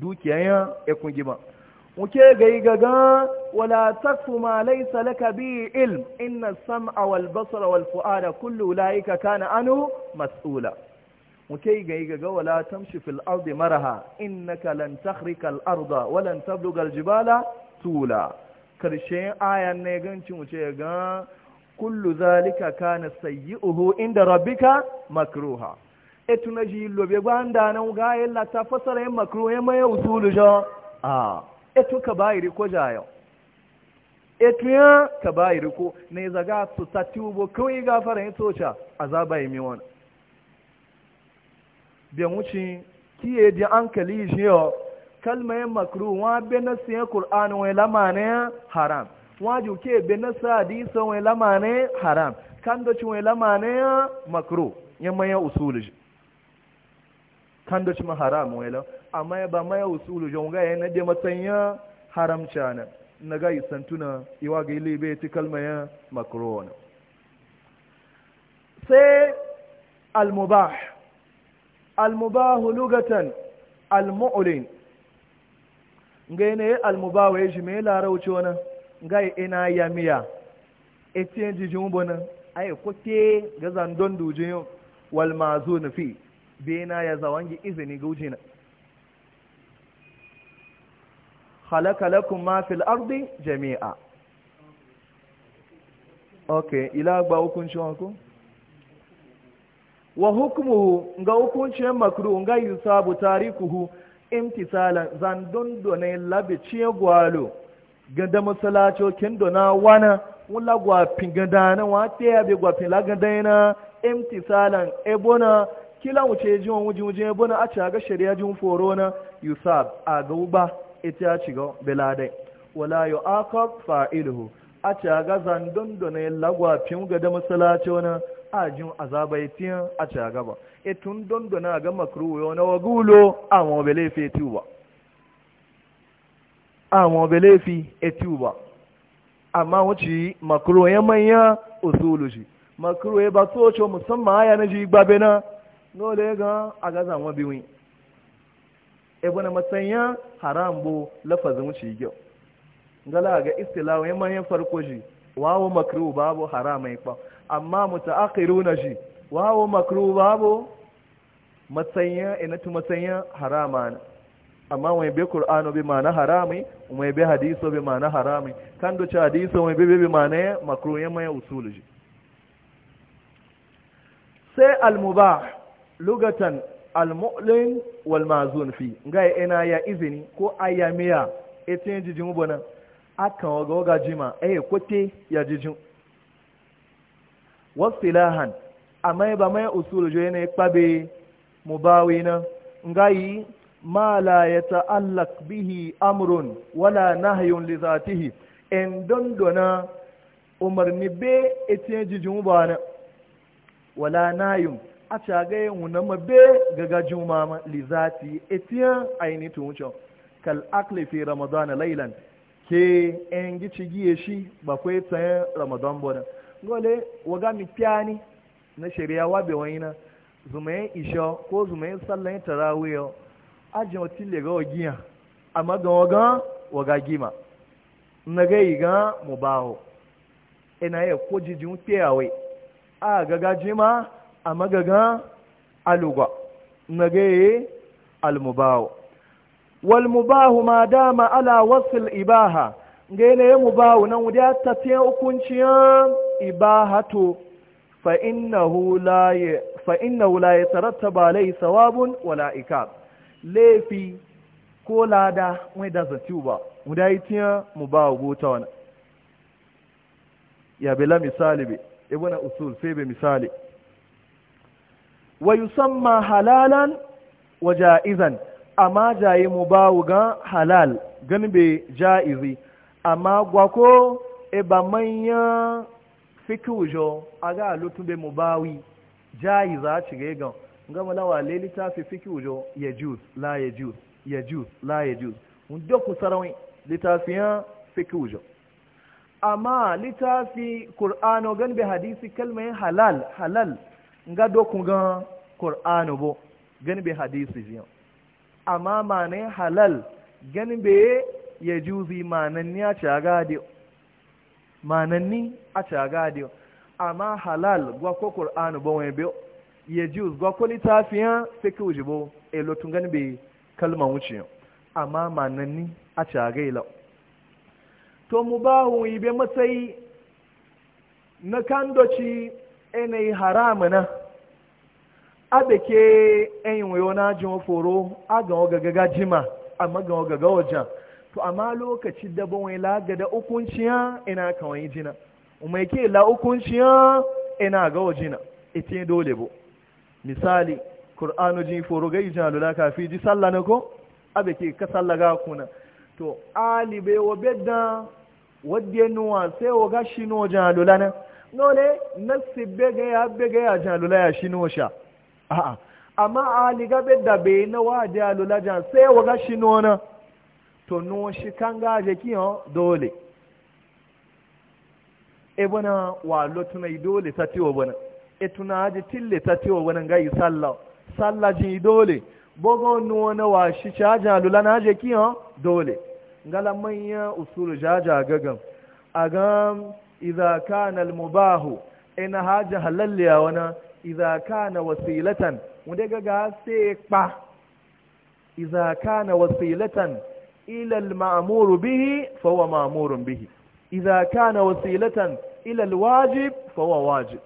dukiyan ya e kun muke gai gaga wala takfu ma laysa laka bi ilm inna sam'a wal basara wal fu'ada kullu ulaika kana anu mas'ula muke gai gaga wala tamshi fil ardi maraha innaka lan takhrika al arda wa lan tabluga al jibala tula karshe ayan ne ganci muce ga kullu zalika kana sayyi'uhu inda rabbika makruha etunaji lobe gwanda nan ga yalla ta fasara makruha mai usulu jo ah etu ka bayiri ko jayo etu ya ka bayiri ko ne zaga su sati ubo kawai gafara yin tocha zaba yi miwon biyan wuce kiye di an kali shi yau kalmayin makaru wa bi na kur'an wai lama ne haram wa ke bi na wai lama ne haram kan da ci lama ne makaru yamma ya shi kan da cima haram wela amma ya ba maya usulu jonga ya na de matanya haram chana na ga isantuna iwa ga ile be ti kalma ya makrona sai al mubah al mubah lugatan al mu'lin ngai ne al mubah wa jime la rawchona ngai ina yamiya etien jijumbo na ay kote gazan don dujiyo wal mazun fi bena ya zawangi izini gujina halaka lakum ma fil ardi jami'a okay ila gba hukuncin wanku wa hukmuhu ga hukuncin makru ga yusabu tarikuhu imtisalan zandun done labe ciye gwalo ganda masalacokin dona wana wula gwafin pingadana na wata yabe gwafin laganda imtisalan ebona kila wuce ji wani wujin na a ci aga shari'a jin foro na yusuf a ga uba ita ya ci ga beladai wala yu aqab fa'iluhu a ci aga zandon da ne lagwafin ga da masalaci wani a a ci ba etun don da na ga makruwo yau na wagulo a mobile fi tuba a mobile fi amma wuce makruwo ya manya ya ba so musamman aya na ji gbabe dole ga a ga zanwa biwin ebe na masanya haram bo lafazin shi gyau gala ga istilawa yin manyan farko shi wawo makru babu haramai kwa amma muta'akhiru na shi wawo makru babu matsayin inatu e matsayin harama na amma wai be qur'ano be mana harami wani be hadiso be mana harami kan do cha hadiso wai be be mana makruyan mai usuluji sai al mubah lugatan almu'lin wal mazun fi ga ina ya izini ko ayamiya etin jijin ubona akan waga waga jima eh kote ya jijin wasilahan amai ba mai usulu jo ne kwabe mubawina ngai ma la yata'allaq bihi amrun wala nahyun li zatihi en dondona ni be etin jijin ubona wala nahyun a caga yin wuna mabe ga gajin ma lizati etiyan aini tun kal akli fi ramadana lailan ke en gici giye shi ba kwai tsayin ramadan bona gole waga mi piyani na shari'a wabe wani na zumayen isho ko zumayen sallan tarawiyo ajin wata ga ogiya amma ga waga waga gima na ga iga mu bawo ina e ya ko jijin piyawai a gagajima a magaga aluga nagaye almubahu walmubahu ma dama ala wasil ibaha ga yanayin mubahu nan wuri ya tafiye hukunciyar ibahatu fa'ina wulaye tsaratta ba lai sawabun wala ika laifi ko lada wai da zatiyu ba wuri ya yi tiyan mubahu gota wani ya bela misali be ibuna usul sai be misali wa yusamma halalan wa ja'izan amma jaye mu bawu ga halal ganin be ja'izi amma gwa ko e ba manya a ga be mu wi ja'iza ci ga ga ngama lawa le litafi fikiujo ya juz la ya juz ya juz la ya juz mun doku sarawin litafiyan amma litafi qur'ano gan be hadisi kalmai halal halal nga dokun ga qur'anu bo gani be hadisi jiya amma manan halal gani be ya juzi manan ni a caga dio manan ni a caga dio amma halal gwa ko qur'anu bo wen be ya juz gwa ko litafiya fiki ujibo e lotun gani be kalma wuce amma manan ni a caga ila to mubahun ibe matsayi na kandoci yanayi haramu na abeke ke yin na jin foro aga ogagaga jima amma ga ogaga wajen to amma lokaci daban wai lagada hukunciya ina kawai jina umar ke la hukunciya ina ga wajina itin dole bu misali qur'anu jin foro ga ijina lula kafi ji salla na ko abeke ka salla ga kuna to alibe wa bedda wadde nuwa sai wa gashi no jina lula na nole nasi bege ya bege ya jalula ya shi nosha a amma aliga be da be na wa jalula jan sai waga shi nona to noshi kan gaje kiyo dole e bona wa na dole ta tiwo bona e tuna je tille ta tiwo bana gai sallah sallah ji dole bogo nona wa shi jalula na je kiyo dole ngala manya usul jaja gagan agam idza kana al-mubah in haja halal ya wana idza kana wasilatan wanda gaga ga sai pa idza kana wasilatan ila al-ma'mur bihi fa huwa ma'mur bihi idza kana wasilatan ila wajib, fa huwa wajib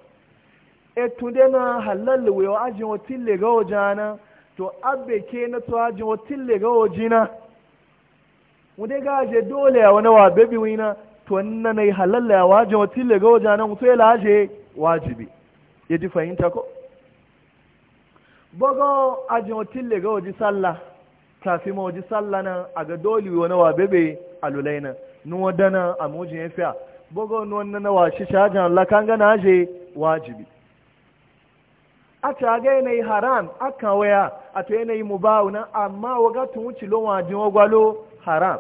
etudena halal we wa watille ga wajana to abbe ke na to wa watille ga wajina wanda ga je dole ya wana wa bebi wina to wannan ne halalla ya waje wati le go jana mutu ya laje wajibi ya ji fahimta ko bogo ajin wati le go ji sallah kafin ma waji sallah nan a ga dole wani wa bebe alulaina nan nuwa dana a mujin ya fiya bogo na wa shi shajan Allah kan gana je wajibi a ta ga yanayi haram aka waya a ta yanayi mubawu nan amma wagatun wuce lon wajen wagwalo haram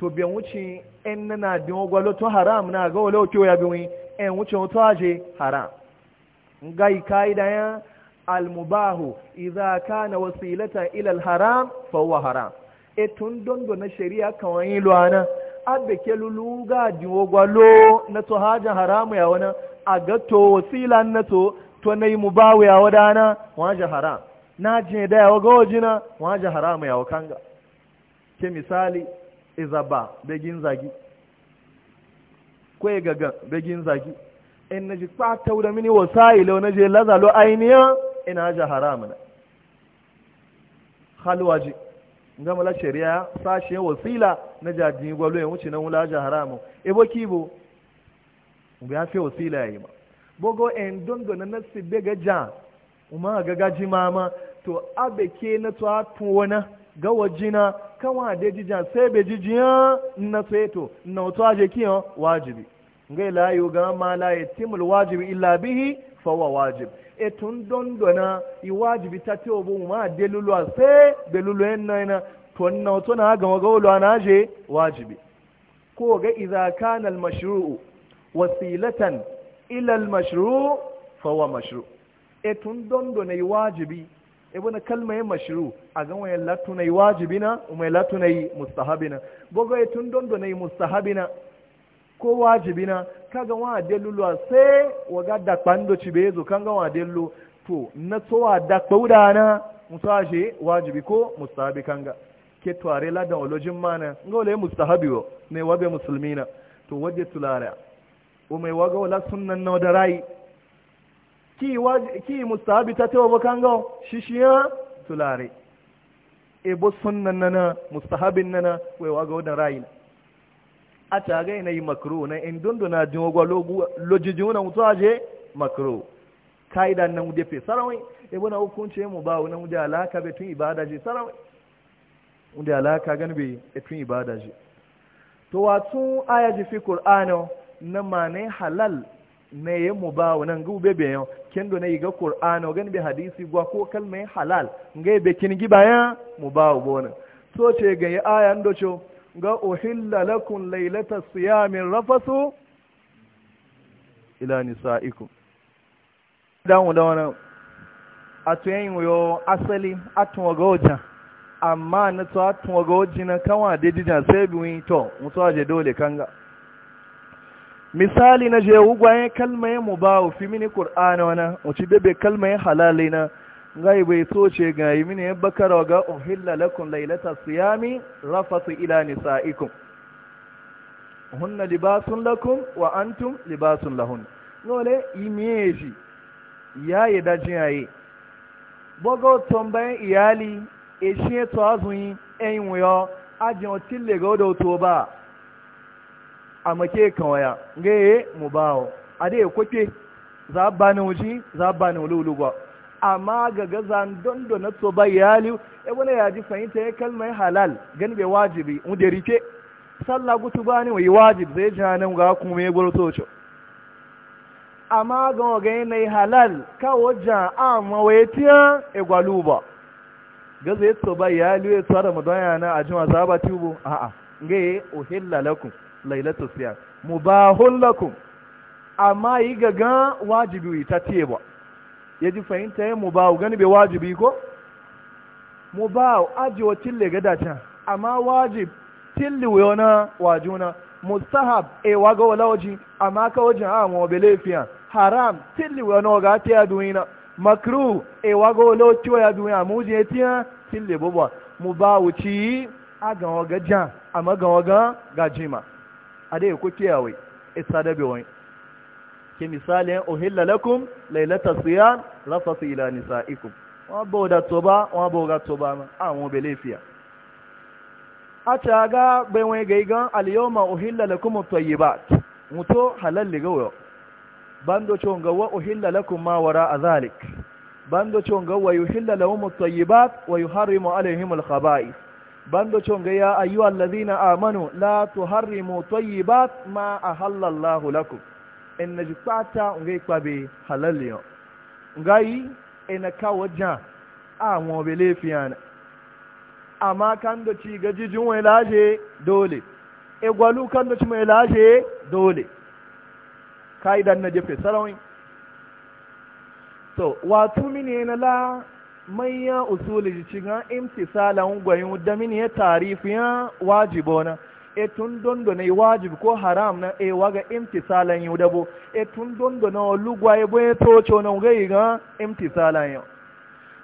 to biyan wuce en nana bin ogwalo to haram na ga wala kiwo ya biwi en wuce to aje haram yi kaida ya al mubahu idza kana wasilatan ila al haram fa huwa haram e tun dondo na sharia kan yi luana abe ke ga di ogwalo na to haja haram ya wana aga to wasila na to to nayi mubahu ya wadana waje haram na je da ya ga wajina waje haram ya wakanga ke misali izaba begin zagi kwaye gaga begin zagi in na ji kpata da mini wasa'i lau na je lazalo ainiya? ina ji haramuna halwa ji gama la shari'a sashe wasila na jajin gwalo ya wuce na wula ji haramu ibo kibo ya fi wasila ya yi ba bogo en dongo na nasi bega ja umar gaga ji mama to abeke ke na tuwa tuwana ga wajina kawa dai jijiyan sai be jijiya na seto na wato aje kiyan wajibi ngai la yu ga ma la yatimul wajibi illa bihi fa wa wajib e tun don dona i wajibi ta te obo ma de lulu sai be lulu en na na to na wato na ga ga lulu na aje wajibi ko ga idza kana al mashru'u wasilatan ila al mashru' fa wa mashru' e tun don dona i wajibi ibn kalma yin mashiru a ga wayan latuna yi wajibina mai latuna yi mustahabina bogo ya tun don donai mustahabina ko wajibina kaga wa delulu sai waga da kpando ci be zo kanga wa delulu to na dakpa da na musaje wajibi ko mustahabi ga ke tware la da olojin mana ngole mustahabi wo ne wabe musulmina to waje tulara umai mai waga wala sunnan na da rai ki ki mustahabi ta tawo bakanga shishiya tulare e bo sunnan nana mustahabin nana wai waga wadan rayina a taga ina yi makro na in dunduna jin wagwa lojijin na mutu aje makro kaida nan wude fe sarawai e na hukunce mu ba wannan wude alaka be tun ibada je sarawai alaka gan be tun ibada je to watu aya ji fi qur'ano na mane halal na yi mu ba wa nan gube be yau kin do na yi ga qur'ano gan be hadisi gwa ko kalma halal ngai be kin gi baya mu ba wa bona so ce ga ya ayan do cho ga uhilla lakum laylata siyamin rafasu ila nisaikum dan wa dan atuyen yo asali atun ga ojan amma na to atun ga ojina kan wa dedida sai biwin to mutu aje dole kanga misali na je wugwaye kalmaye mu ba fi mini ƙur'ana wana uci bebe kalmaye halali na ngai bai so ce ga yi mini bakara ga la'ilata lakum laylata siyami su, ila nisaikum hunna libasun lakum wa antum libasun lahun nole imeji yi dajin yayi bogo tombayin iyali shi to azun yin enyo ajin otile ga odo to ba a make kawaya gaye mu bawo a dai kwake za ba na wuji za ba na wululu ba amma ga gaza dondo na so ba yali e wani ya ji fahimta ya kalmar halal gani bai wajibi mu da rike sallah gutu ba ne wai wajib zai ji hannun ga kuma ya gwaro tocho amma ga waga yi halal kawo ja'a mawaitiya e gwaluba gaza ya so ba yali ya tsara madonna a jima za ba tubu a'a gaye uhilla lakum lailatu siyam mubahun lakum amma yi gaga wajibi ta tiye ba ya ji fahimta yin mubahu gani bai wajibi ko mubahu ajiwa tilli ga dace amma wajib tilli wayona wajuna mustahab e waga wala waji amma ka wajin a mu belefiya haram tilli wayona ga ta e ya duina makru e waga wala ciwa ya duina mu je tiya tilli bubwa mubahu ci a ga waga jan amma ga waga gajima adai ku kiyawe isa da bewai ke misali ohilla lakum lailata siyan rafasu ila nisa'ikum wọn bọ̀ da tó bá wọn bọ̀ ga tó bá ma àwọn obìnrin fìyà a ti aga bẹ̀wẹ̀ gaigan aliyoma ohilla lakum tayyibat mutu halal ligawo bando chonga wa uhilla lakum ma wara azalik bando chonga wa yuhilla lahum at-tayyibat wa yuharrimu alaihim al-khaba'ith bando chonge ya ayu alladhina amanu la tuharrimu tayyibat ma Allahu lakum en na unge ngai halal yo ngai en ka waja a mo bele fiana amma kan do ci gaji jun laje dole e gwalu kan do ci mai laje dole kai dan na jefe sarawin to wa mini na la manya usuli cikin imtisalan da damin ya ya wajibo na e tun dondo na wajibi ko haram na e waga imtisalan yau dabo e tun dondo na lugwa ya bai tocho na ga yi ga imtisalan yau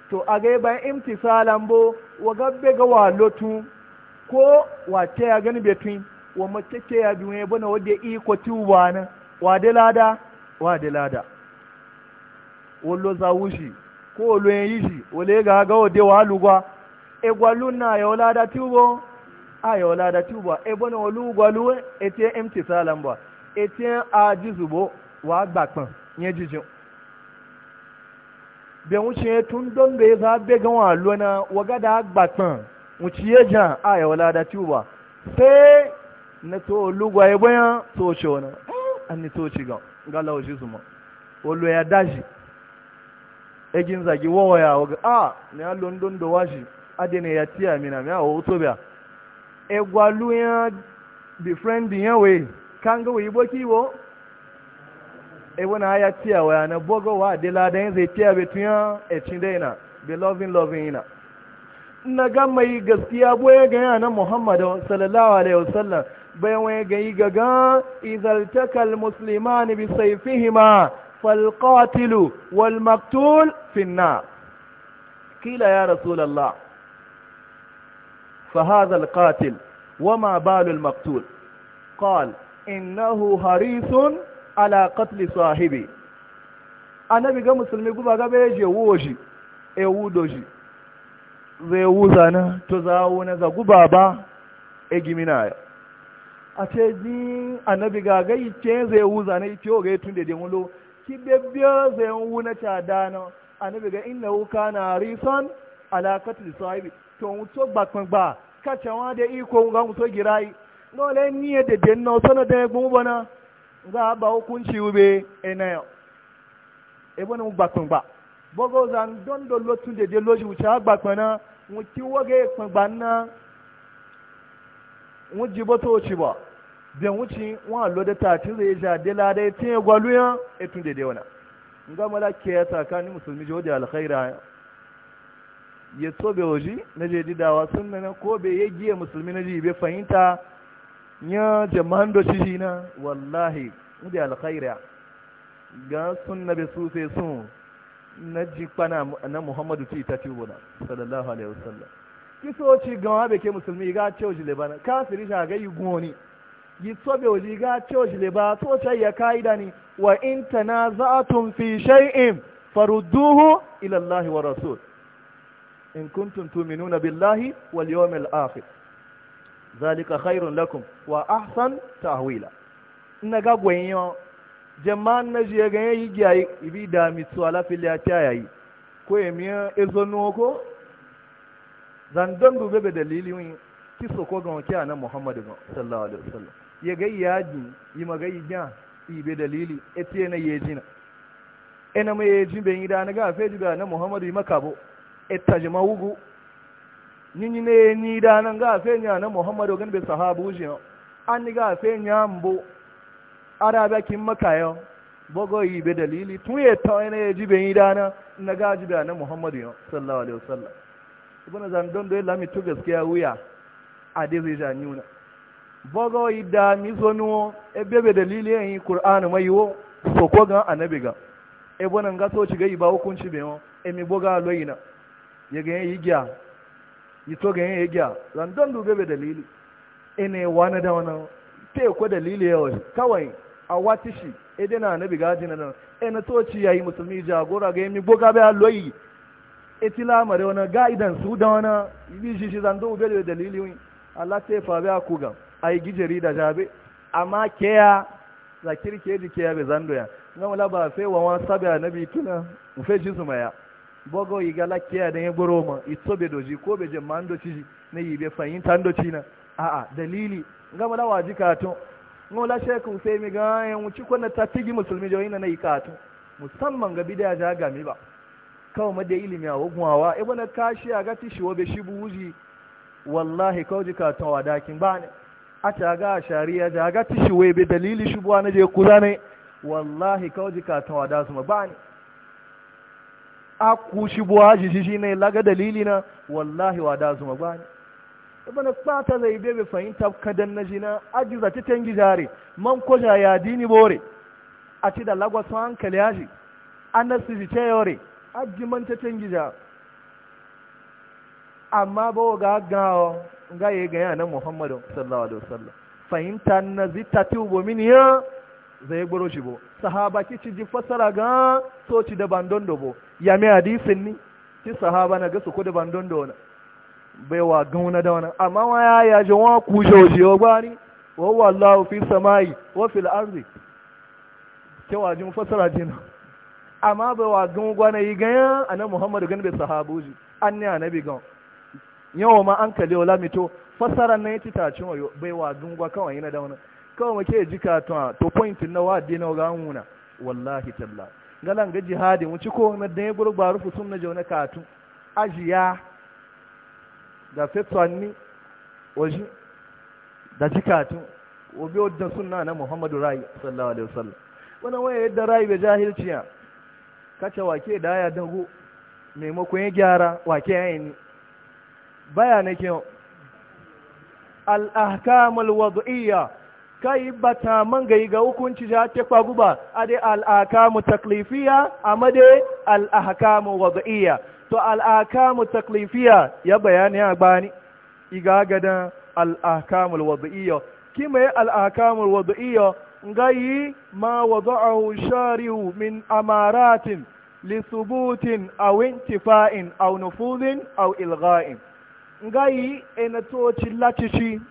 to a ga bayan imtisalan bo wa gabbe ga walotu ko wa ce ya gani betun wa mace ce ya biyu ya bana wadda iko tuba na wa da lada wa da lada wallo zawushi ko olóyin yìí olè ga aga òde wàá lùgbà egwalu na ayọ̀ọ́lá da tíwọ́ ayọ̀ọ́lá da tíwọ́ ebọ́nà olúgwalu etí mt sálàmbà etí àjízùbò wàá gbàpọ̀n yẹn jíjìn bẹ̀ ṣe tún dọ́ndọ̀ yẹn sá bẹ́gàn da sai na to olúgwa egin zagi wawaya ga a ni a london da washi adina ya tiya mina mi a wato biya egwalu ya e befriendin ya we kan ga wayi boki wo e wana ya tiya waya na bogo wa de la dan zai tiya a e cindaina be loving loving ina na ga mai gaskiya boye ga yana muhammadu sallallahu alaihi wasallam bayan wani ga yi gaga izaltakal musulmani bi sayfihima falkatilu walmaktul finna, kila ya يا رسول الله فهذا القاتل وما بال المقتول قال إنه حريص على قتل صاحبي annabi ga musulmi guba gaba ya je wuwo shi e zai wuza na to zawo na za guba ba e gimina ya a ce ji annabi ga zai o da ki bebbiya zai wuna cada na annabi ga inna wuka na rison alakatul sahibi to wuto gbakpagba kacha wa da iko ga wuto girai dole ni ya dede na wuto na da egbun bana za a ba hukunci ube enayo ebe na gbakpagba bogo zan don do lotun dede loji wuce gbakpana wuti wage gbakpagba na wujibo to ci ba bai wuce wa lo ta tatin zai ja de la dai tin gwalu ya etun de de wana nga mala ke ya ni musulmi jo da alkhaira ya so be oji na je didawa sunna na ko be yagiye musulmi na ji be fahimta nya jam'an do shi na wallahi mu de alkhaira ga sunna be su sai sun na ji kwana na muhammadu ti ta ci wuna sallallahu alaihi wasallam kisoci ga wa be ke musulmi ga cewa jilebana kafiri ga yi goni Yi gitsobe oliga coci le ba to ta ya kaida ni wa in tanaza'tum fi shay'in farudduhu ila Allah wa rasul in kuntum tu'minuna billahi wal yawmil akhir zalika khairun lakum wa ahsan ta'wila ina ga gwenyo jama'an na je ga yi giyayi ibi da mitu ala filiya ta yayi ko emiya ezonu ko zan dandu bebe dalili wi kiso ko ga wakiyana muhammadu sallallahu alaihi wasallam ya gai yaji yi magai gyan ibe dalili etiye na ji na ena mai ji ben yi da na gafe ji da na muhammadu yi makabo Ita jima wugu nini ne ni da nan gafe nya na muhammadu gan be sahabu ji an ni gafe nya mbo arabe kin makayo bogo yi be dalili tun ya ta ena yeji ben yi da na na gaji da na muhammadu sallallahu alaihi wasallam ibn don da lami to gaskiya wuya a dai zai ja niuna bogo ida mizonuwo ebebe dalili yin qur'an mai iwo soko ga anabiga hukunci be won e, e boga ga yi yi e da dalili e kawai a wati shi e dena anabiga ga jina nan na to ci yi musulmi jagora ga mi boga be loyi e ga idan su ibi bebe dalili te fa akuga a yi gijeri da jabe amma keya za kirke ji keya bai zando ya na wala ba fe wa wani na anabi tuna ufe ji zuma ya bogo yi gala keya da ya buro ma iso bai doji ko bai jama an doci na yi bai fahimta an doci na a'a dalili ga wala wa ji katon na wala shekun sai mi ga yan eh, wuci kwanan ta tigi musulmi jawai na na yi katon musamman ga bidiya ja gami ba kawai ma da ilimi a hukumawa ibana e kashi a gati shi wa bai shi buji wallahi kawai ji katon wa dakin ba ne a caga a shari'a daga tishi wai bai dalili shi buwa na je kuza ne wallahi kawai jika ta wada su ma ba ne a ku shi buwa shi shi ne laga dalili na wallahi wada su ma ba ne ibana kpata zai bebe fahimta kadan na jina ajiza ta tangi jari man kusa ya dini bore a ci da lagos hankali ya shi an nasu su ce yore ajiman ta tangi jare amma ba ga gawo Nga ya ga yana muhammadu sallallahu alaihi wasallam fahimta na zita ubo mini ya zai gboro shi bo sahaba ki ci ji fasara ga so ci da bandon do bo ya mai hadisin ni ki sahaba na ga su ko da bandon do na bai wa gauna da wani amma wa ya ya je wa ku joji wa gwani wa wallahu fi samai wa fil ardi ke wa jin fasara jina amma bai wa gauna yi ga ya nan muhammadu gan bai sahabuji annabi annabi gan yawa ma an wala lamito fasara na ya tita cin wayo bai wa dungwa kawai yana da wani kawai make ji jika to to point na wa dina ga muna wallahi talla galan ga jihadi mu ci ko na da gurba rufu sunna jauna katu ajiya da fetwani waji da jikatu obi odda sunna na muhammadu rai sallallahu alaihi wasallam wani waye yadda rai bai jahilciya kace wake da ya dago maimakon ya gyara wake yayin bayanakin al'ahkamul wad'iyya kai bata man gai ga hukunci ja ta kwagu ba ade al'akamu taklifiya amade al'ahkamu wad'iyya to al'akamu taklifiya ya bayani a bani iga gadan al'ahkamul wad'iyya kima ya al'ahkamul wad'iyya ngayi ma wada'ahu shari'u min amaratin li thubutin aw intifa'in aw nufudin aw ilgha'in ngai enato cillacici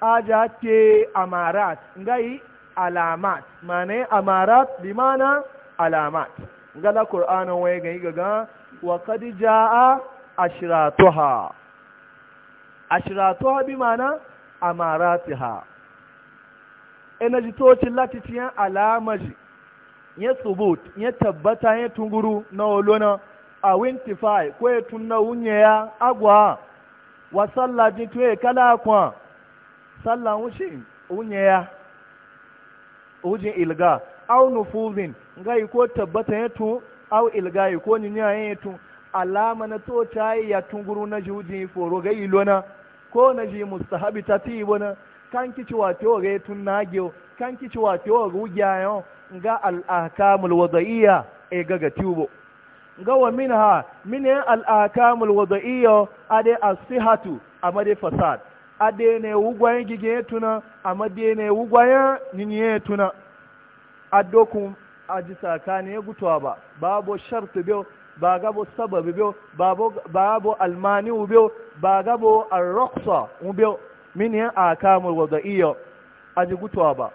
aja ke amarat ngai alamat mane amarat bi mana alamat ngala qur'ana waye ga gaga wa qad jaa ashratuha ashratuha bi mana amaratiha enaji to cillacici yan alamaji ya subut ya tabbata ya tunguru na olona a 25 ko ya tunna ya agwa wa sallah ji e kala kwa sallah wuce unye ya ujin ilga au nufuzin nga ko tabbata yetu tu au ilga ko nyinya ya alama na to chai ya tunguru na juji foro ga ilona ko na ji mustahabi tatibona kan kici wato ga tun nagyo kan kici wato ga ugiyayo nga al ahkamul wadaiya e ga ga tubo gawa minha mini al'akamul wada'iyyo ade asihatu a made fasad ade ne wugwayen gige tuna a made ne wugwayen ninye tuna adokun a ji tsakani ya gutuwa ba babu shartu biyu ba gabo sababi biyu babu almani biyu ba gabo arroksa biyu mini akamul wada'iyyo a ji gutuwa ba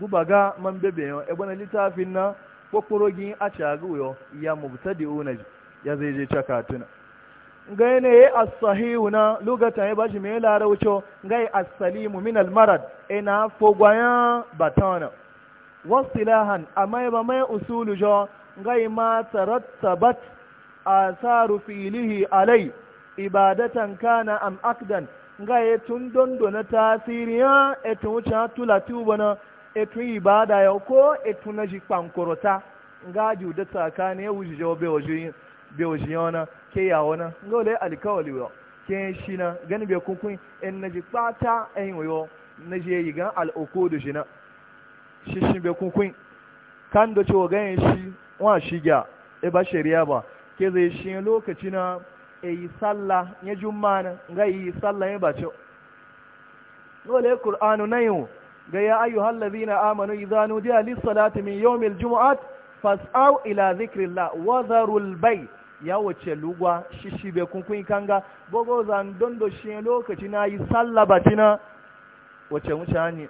gubaga man bebe yau ebe na littafin na kwakwurogin a caguyo ya mubtadi unaji ya zai je caka tuna gai ne ya asahihu na lugatan ya bashi mai larauco gai asalimu min almarad ina fogwayan batana wasilahan amma ya ba mai usulu jo gai ma tarattabat asaru filihi alai ibadatan kana am akdan gai tun dondona tasiriya etun wuce tula tubana etun ibada ya ko etun na ji kpankorota nga ji ude tsakani ya wuji jawo bewaji yana ke yawo na nga wale alikawali wa ke shi na gani bai kunkun en na ji kpata en wayo na ji yi gan al'oko da shi na shi shi bai kunkun kan da cewa ganyen shi wa shi ga e ba shari'a ba ke zai shi lokaci na e yi sallah ya jumma na nga yi sallah ya ba ce wale kur'anu na yiwu ga ya ayyuhal ladina amanu idza nudiya lis salati min yawmil jumu'at fas'au ila dhikrillah wa dharul bayt ya wace lugwa shishibe kunkun kanga gogo zan dondo shi lokaci na yi sallah batina wace mutane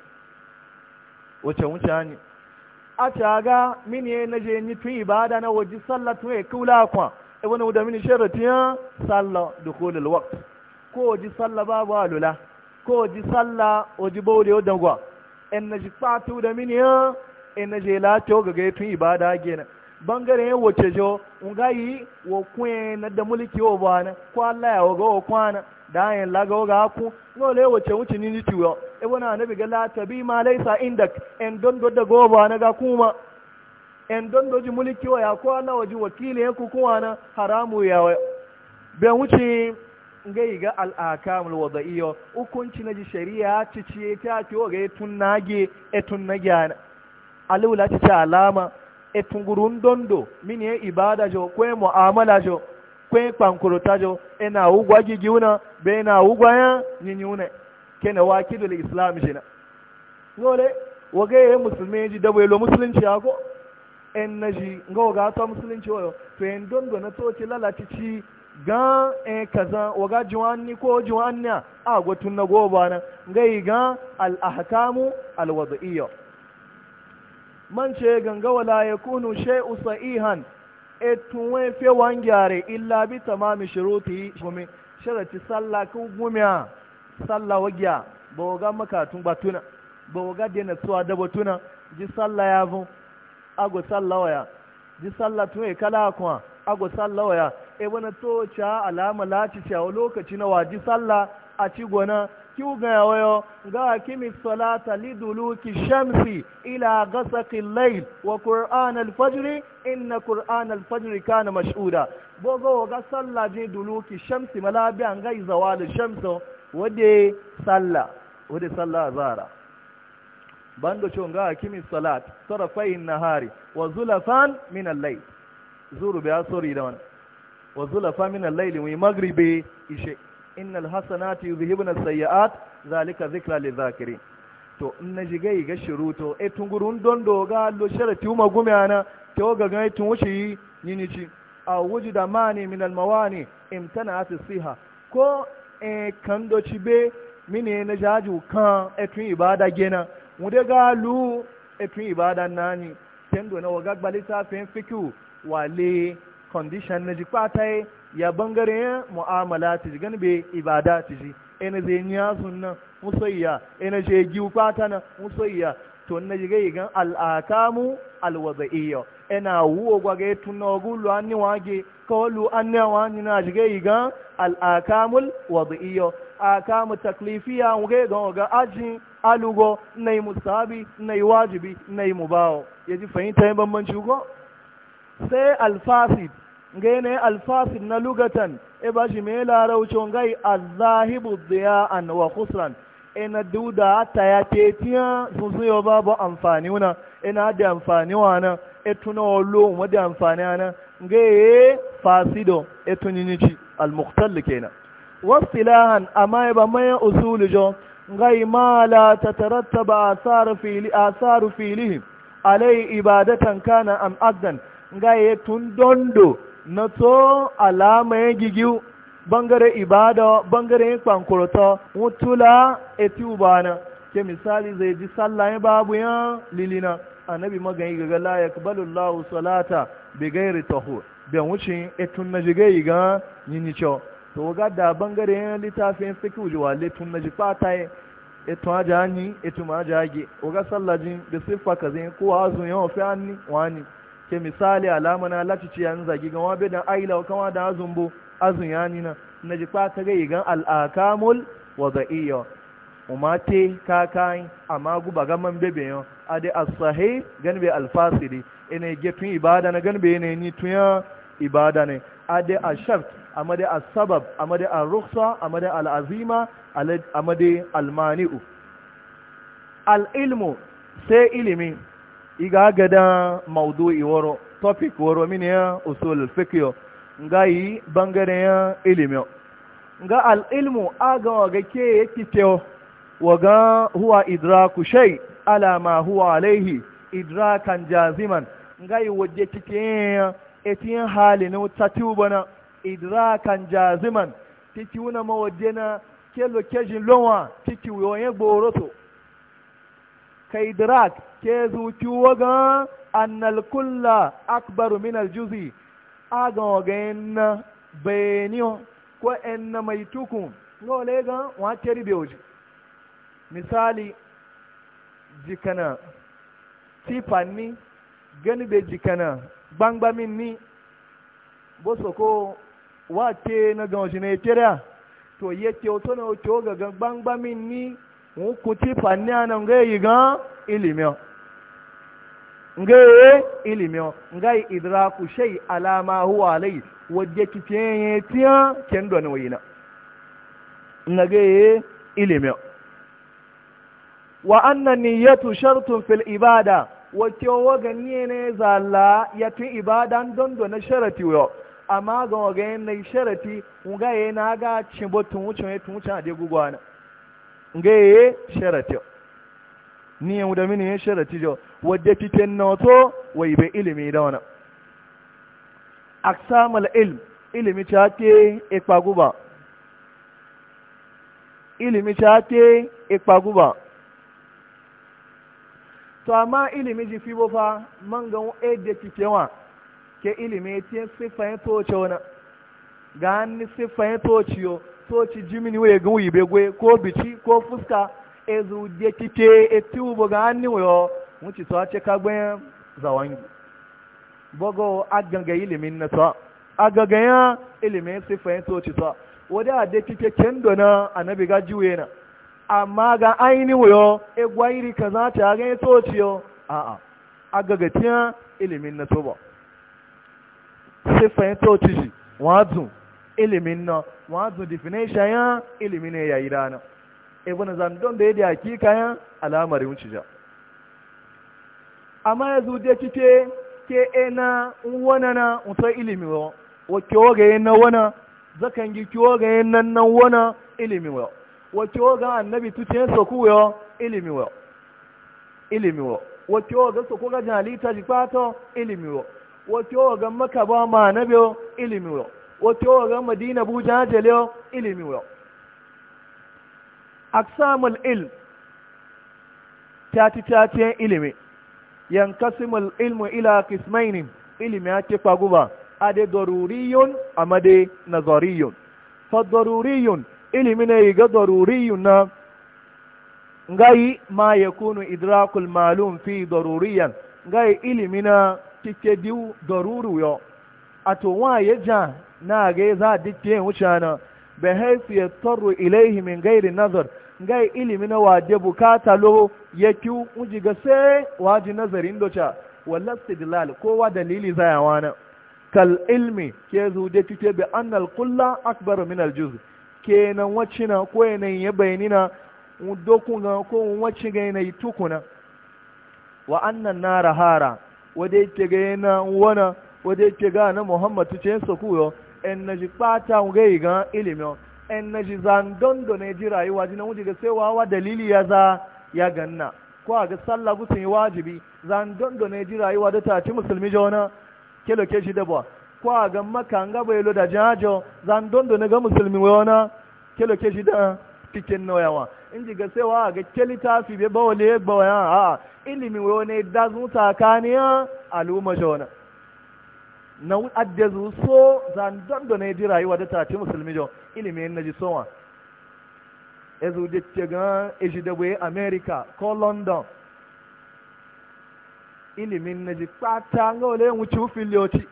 wace mutane a taga mini na je ni tun ibada na waji sallah tun e kula kwa ibn e wani da mini sharatiya sallah dukhulul waqt ko waje sallah babu alula ko waje sallah waje bawde wadan gwa in na ji fatu da mini ya in na je latiyo ga gaitun ibada gina bangare ya wace jo in gayi wa kuye na da mulki wa ba na ko Allah ya waga wa kwana da yin laga ga haku no le wace wuce ni ni tiwo e na nabi ga la bi ma laisa indak en don do da goba na ga kuma en don do ji mulki wa ya ko Allah waji wakili ya ku kuma na haramu ya be wuce ngai ga al'akamul wada'iyyo hukunci na ji shari'a ci ci ta ci wa ga tun nage etun nage alula ci ta alama tun gurun dondo min ya ibada jo ko mu'amala jo ko pankurota jo ina ugwa gigiuna be na ugwa ya nyinyune kene wa kidul islam jina ngole waga ya musulmi ji dabo lo musulunci ako en naji ngawa ga ta musulunci wayo to en dondo na to ci lalaci ci ga e kaza waga juwanni ko juwanni a gwatun na goba nan gai ga al'ahakamu alwada'iyya man ce ganga wala ya kunu shai'u sa'ihan etun wai fe gyare illa bi tamami shuruti gumi sharati sallah ku gumiya sallah wagiya ba wa waga makatun batuna ba wa waga dena tsuwa da batuna ji sallah ya vun ago sallah waya ji sallah tun e kala kuma ago sallah waya e wani toci alama lati cewa lokaci na waji sallah a ci gona kiwu ga yawayo ga kimi salata duluki shamsi ila gasaki layl wa qur'an alfajr inna qur'an alfajr kana mashhuda bogo ga sallah je duluki shamsi malabi an ga zawal shamsi wade sallah wade sallah zara bando cho ga kimi salat tarafai nahari wa zulafan min al-layl zuru bi asri da wannan wa zulafa min al-layli wa maghribi ishe innal hasanati yuzhibuna as-sayyi'at zalika dhikra lidh-dhakirin to in na shiga ga shiruto e tungurun don doga lo sharati uma gumiana te oga ga tun ni yinici a wujuda mani min al-mawani imtana as-siha ko e kan do cibe mine na jaju kan e tun ibada gena Mude ga lu e tun ibada nani tendo na waga gbalita fen fikiu wale condition na ji yi ya bangare ya mu'amala ta ji ganibe ibada ta ji ina zai niya nan musayya ina je giwu kwata na musayya to na ji gai gan al'akamu alwaza'iyya ina wuwa gwaga tun na wagulu an niwa wage kawalu an ni na ji gai gan al'akamul waza'iyya akamu taklifiya wuge gan waga ajin alugo na yi musabi na yi wajibi na yi mubawo ya ji fahimta yin bambanci ko sai alfasid gane alfasid na lugatan e ba shi mai laraucin gai azahibu an wa khusran ina e duda ta ya tetiya sun suyo babu amfani wana ina e da amfani wana e tuna wallo mu da amfani wana gaye e fasido e tunini ci al-muqtal kenan wasilahan amma ba mai usulu jo gai ma la tatarattaba asaru fili asaru filihi alai ibadatan kana am addan nga tun dondo na to alama ya gigiu bangare ibada bangare ya kwankurta mutula eti ubana ke misali zai ji sallah ya babu ya lilina annabi magani gaga la yakbalu Allah salata bi ghairi tahur bi wuce etun na yi ga nyinyi cho to ga da bangare ya litafin fiki ujuwa letun na jifata ya etu aja anyi etu aja age oga sallajin bi sifa kazin ko azu yan ofe anni wani ke misali alama na lacici yan zagi ga wabe da aila kama da azun bo azun ya nina na ji kwata ga igan al'akamul wada'iyya ka kakain amma guba gaman bebe yau ade asahi ganbe alfasiri ene gefin ibada na ganbe ene ni tuya ibada ne ade ashaft da asabab amade amma da alazima amade almani'u alilmu sai ilimi iga agada maudu iworo topic woro mini ya usul fikyo nga yi bangare ya ilimyo nga al ilmu aga waga ke yake waga huwa idraku shay ala ma huwa alaihi idrakan jaziman nga yi waje cikin etin halin tatubana idrakan jaziman tiki wuna mawajena kelo kejin lonwa tiki yoyen gboroto ka idrak ke zuciwa ga annal kulla akbar min aljuzi aga ogen na benio ko yin na mai tukun no le ga wa teri beoji misali jikana tifanni gani be jikana gbangbamin ni bosoko wa te na ga ojine tere to yake oto na oto ga gbangbamin ni won ku tifanni anan ga yi ga ilimi ngaye ilimi ngai idraku shay alama huwa alai wadde kitiye tiya kendo ne wayina ngaye ilimi wa anna niyyatu shartun fil ibada wace waga ne zalla ya fi ibadan don do na sharati yo amma ga waga ne na sharati ngaye na ga cimbo tun ta tun wucin a dai e sharati ni yau da mini ya sharati jo wadda titin na wato wai bai ilimi da wani aksamal ilm ilimi ta ke ikpaguba ilimi ta ke ikpaguba to amma ilimi ji fi bofa man ga wadda titewa ke ilimi ta siffayin toce wani ga hannun siffayin tociyo toci jimini wai ga wuyi begwe ko bici ko fuska ezu de kike eti ubo ga anni wo mun ci so ace ka gbe zawangi bogo agaga ilimin na so agaga ya ilimin e sifayin to ci so wada de kike kendo na anabi ga juwe na amma ga aini wo egwa iri kaza ta ga to ci yo e a a agaga tiya ilimin na so ba sifayin to ci shi wazun ilimin e na wazun definition ya ilimin ya yi rana ibn zandon da ya da hakika kayan alamar yin ja amma ya da kike ke ena wana na uta ilimi wa wa kiwo ga yana wana zakan gi kiwo ga yana nan wana ilimi wa wa kiwo ga annabi tuce so ku yo ilimi wa ilimi wa wa kiwo ga so ku ga ta ji pato ilimi wa wa kiwo ga makaba ma annabi ilimi wa wa kiwo ga madina bujajale ilimi wa aksamul ilm tati tati ilimi yankasimul ilmu ila kismainin ilimi ake faguba a da daruriyun a made na fa daruriyun ilimi ne ga daruriyun na ngayi ma ya kunu idrakul malum fi daruriyan ngayi ilimi na cike biyu daruru yo a to wa ya ja na ga za dikke wuce na bai haifu ya tsaro ilaihi min gairi nazar ngai ilimi na wade bukata lo ya ki uji ga sai waje nazarin doca wala istidlal kowa dalili zayawa na kal ilmi ke zu da kike bi annal kulla akbar min al juz kenan na ko yanayin ya doku ga ko wacce ga yanayi tukuna wa annan nara hara wade ke ga yana wana wade ke ga na muhammadu ce yin sakuyo in na ji ga ilimi en na ji za da ne ji rayuwa ji na wuce ga sai wawa dalili ya za ya ganna ko a ga sallah gutun yi wajibi za da ne ji rayuwa da ta ci musulmi jona ke shi dabwa ko a ga maka an gaba yalo da jajo za da ne ga musulmi kilo ke shi da cikin noyawa in ji ga sai wa ga ke littafi bai bawale bawaya a ilimi wona da zuta kaniya al'umma jona na adda zu so zan don da ji rayuwa da ta ce musulmi jo ilimi na ji sowa e zu de ce ga e ji da boye america ko london ilimin na ji kpata nga ole wuce filiyoci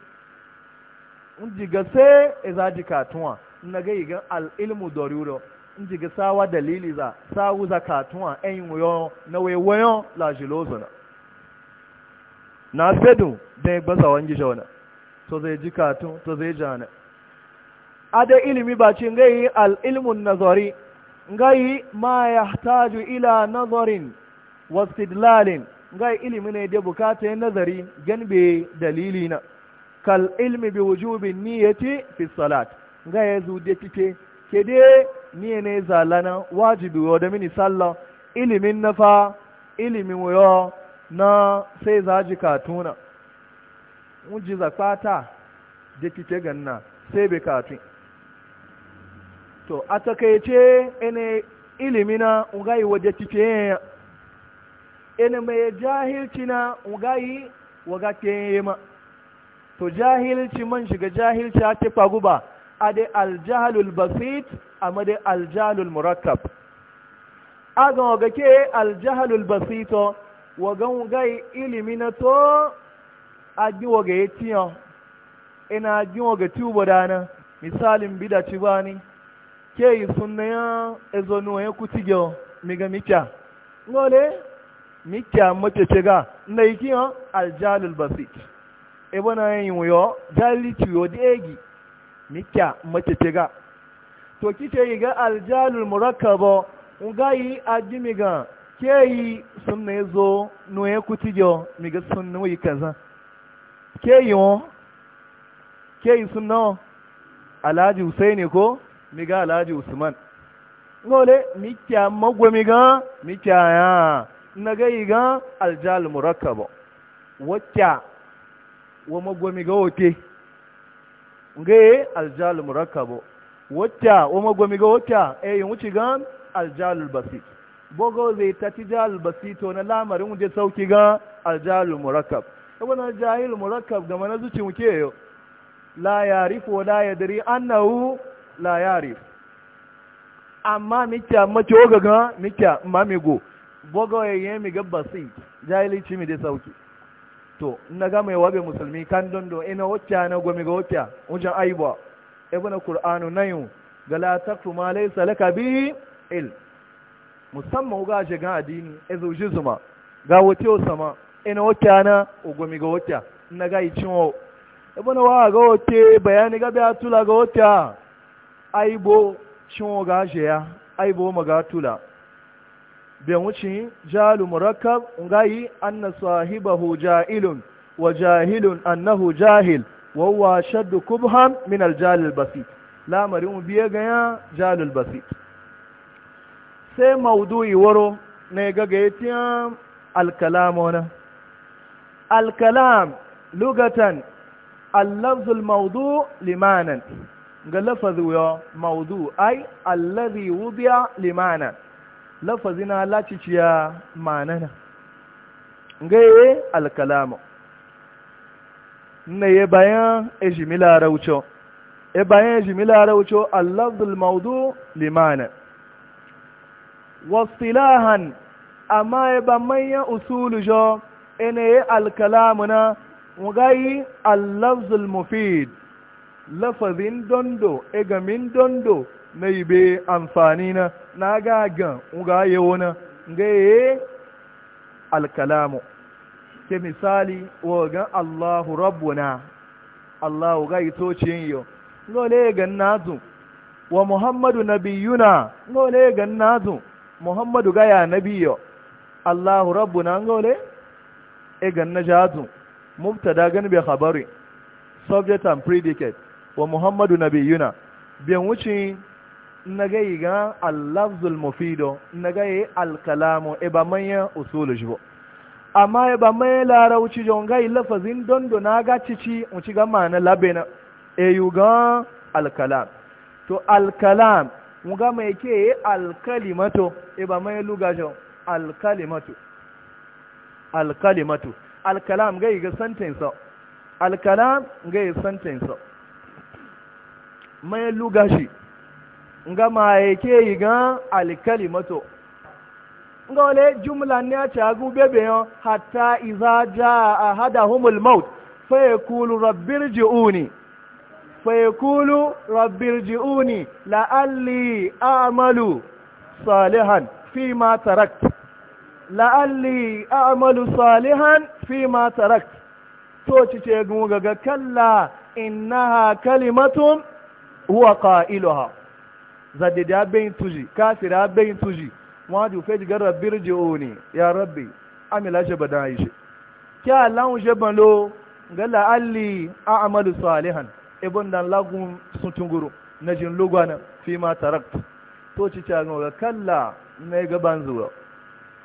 in ga sai e za ji katuwa na ga igan al ilmu doruro in ji ga sawa dalili za sawu za katuwa en wuyo na wewayon lajilozo na na fedu da ya gbasa wani jishona to zai ji katun to zai jana ada ilimi ba ce ngai al ilmun nazari ngai ma yahtaju ila nazarin wa istidlalin ngai ilimi ne da bukata nazari ganbe dalili na kal ilmi bi wujubi niyyati fi salat ngai zu de kike ke de niye ne zalana wajibi wa da mini sallah ilimin nafa ilimin wayo na sai zaji katuna wuji zakwata da kike ganna sai bai katun to a takaice ene ilimi na ugayi waje kike ene mai jahilci na ugayi waga ke ma to jahilci man shiga jahilci a ke ba? a dai aljahalul basit a dai aljahalul murakkab a ga waga ke aljahalul basito wagan ugayi ilimi na to ajiwo ga yetiyo ina ajiwo ga tubo dana misalin bida ci bani ke yi sunna ya ezonuwa ya kutigyo miga mikya ngole mikya mace ce ga na ikiyo aljalul basit ebe na yin wuyo jali ciwo da egi mikya mace ce ga to kike yi ga aljalul murakkabo nga yi aji miga ke yi sunna ya zo nuwa ya kutigyo miga sunna yi kaza ke yi wọn ke yi sun alhaji husaini ko miga alhaji usman ngole mikya magwami ga mikya ya na yi ga aljal murakkaba wakya wa magwami ga wote ngaye aljal murakkaba wakya wa magwami ga wakya e yin wuce ga aljal basit bogo zai ta basi basito na lamarin wuje sauki ga aljal murakkaba wani jahil murakkab game na zuci muke yau la yarifu wa la yadri annahu la yarif amma mikya mace oga ga mikya mamigo bogo yayye mi ga basit jahilici mi dai sauki to na ga mai wabe musulmi kan dondo ina wacce na gomi ga wacce wajen aibuwa ibn qur'anu nayu ga la taqfu ma laysa laka bihi il musamman ga shiga addini ezu jizuma ga wace sama ina wata na ugumi ga wata na ga icin o ibn wa ga wata bayani ga biya tula ga wata aibo cin ga je ya aibo ma ga tula bayan wucin jalu murakkab ngai anna sahibahu ja'ilun wa jahilun annahu jahil wa huwa shaddu kubhan min al-jahil al-basit lamarin biye ga ya jalul basit sai maudu'i waro ne ga ga yatiyan alkalama alkalam lugatan allafzul maudu limanan ga lafazi yo maudu ai allazi limanan lafazi na manana gaye bayan ejimila bayan ejimila maudu limanan amma ya ene alkalamuna mugayi allafzul mufid lafazin dondo igamin dondo na be amfani na na gagan mugaye wani gaye alkalamu ke misali wagan allahu rabbuna allahu gai to tocin yau nole gan nazu wa muhammadu nabiyuna nole gan nazu muhammadu gaya nabiyo allahu rabbuna nole egan na jihatu mubtada gan bi khabari subject and predicate wa muhammadu nabiyuna biyan wuce na ga ga allafzul mufido na gai alkalamu iba manyan usulu shi amma iba lara larauci jon gai lafazin dondo na ga cici in ci gama na labena eyu ga alkalam to alkalam mu ga mai ke alkalimato iba mai lugajon alkalimato alkalimatu alkalam gai ga sentence alkalam gai sentence mai lugashi nga ma ke yi ga alkalimatu nga wale jumla ne a cagu bebe yon hatta iza ja a hada humul maut fa ya kulu rabbir ji'uni fa ya kulu rabbir ji'uni la'alli amalu salihan fi ma tarakta la'alli a'malu salihan fi ma tarakt to ci ce guga ga kalla innaha kalimatun huwa qailuha zadida bayin tuji kafira bayin tuji waju fe diga rabbir ji'uni ya rabbi amila shi bada yi shi kya Allah je lo, ga la'alli a'malu salihan ibn dan lagun sun tunguru najin lugwana fi ma tarakt to ci ce guga kalla ne gaban zuwa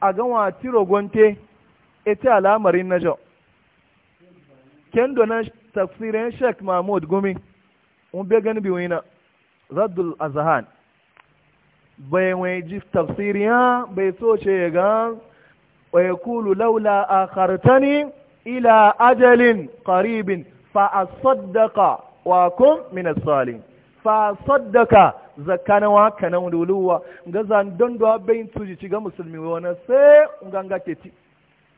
a ga wa tiro gonte e ita al'amarin na kendo na tafsirin sheikh mahmud gumi un be gani bi wina raddul azhan bai wai ji tafsiriya bai so ce ga wa yaqulu laula akhartani ila ajalin qaribin fa asaddaqa wa kum min as-salihin fa asaddaqa zakana wa kana wululuwa nga zan don do bayin tuji ci ga musulmi wona sai nganga teti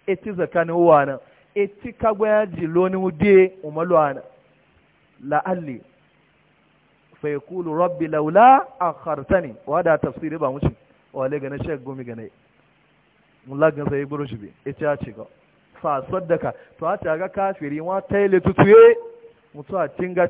eti zakana wana eti kagwa ji loni ude umalwana la alli fa yaqulu rabbi laula akhartani wada tafsiri ba mushi wale ga shek gumi ga ne mullah ga sai buru shi eti a ci fa saddaka to a ta ga kafiri wa tayle tutuye mutuwa a tinga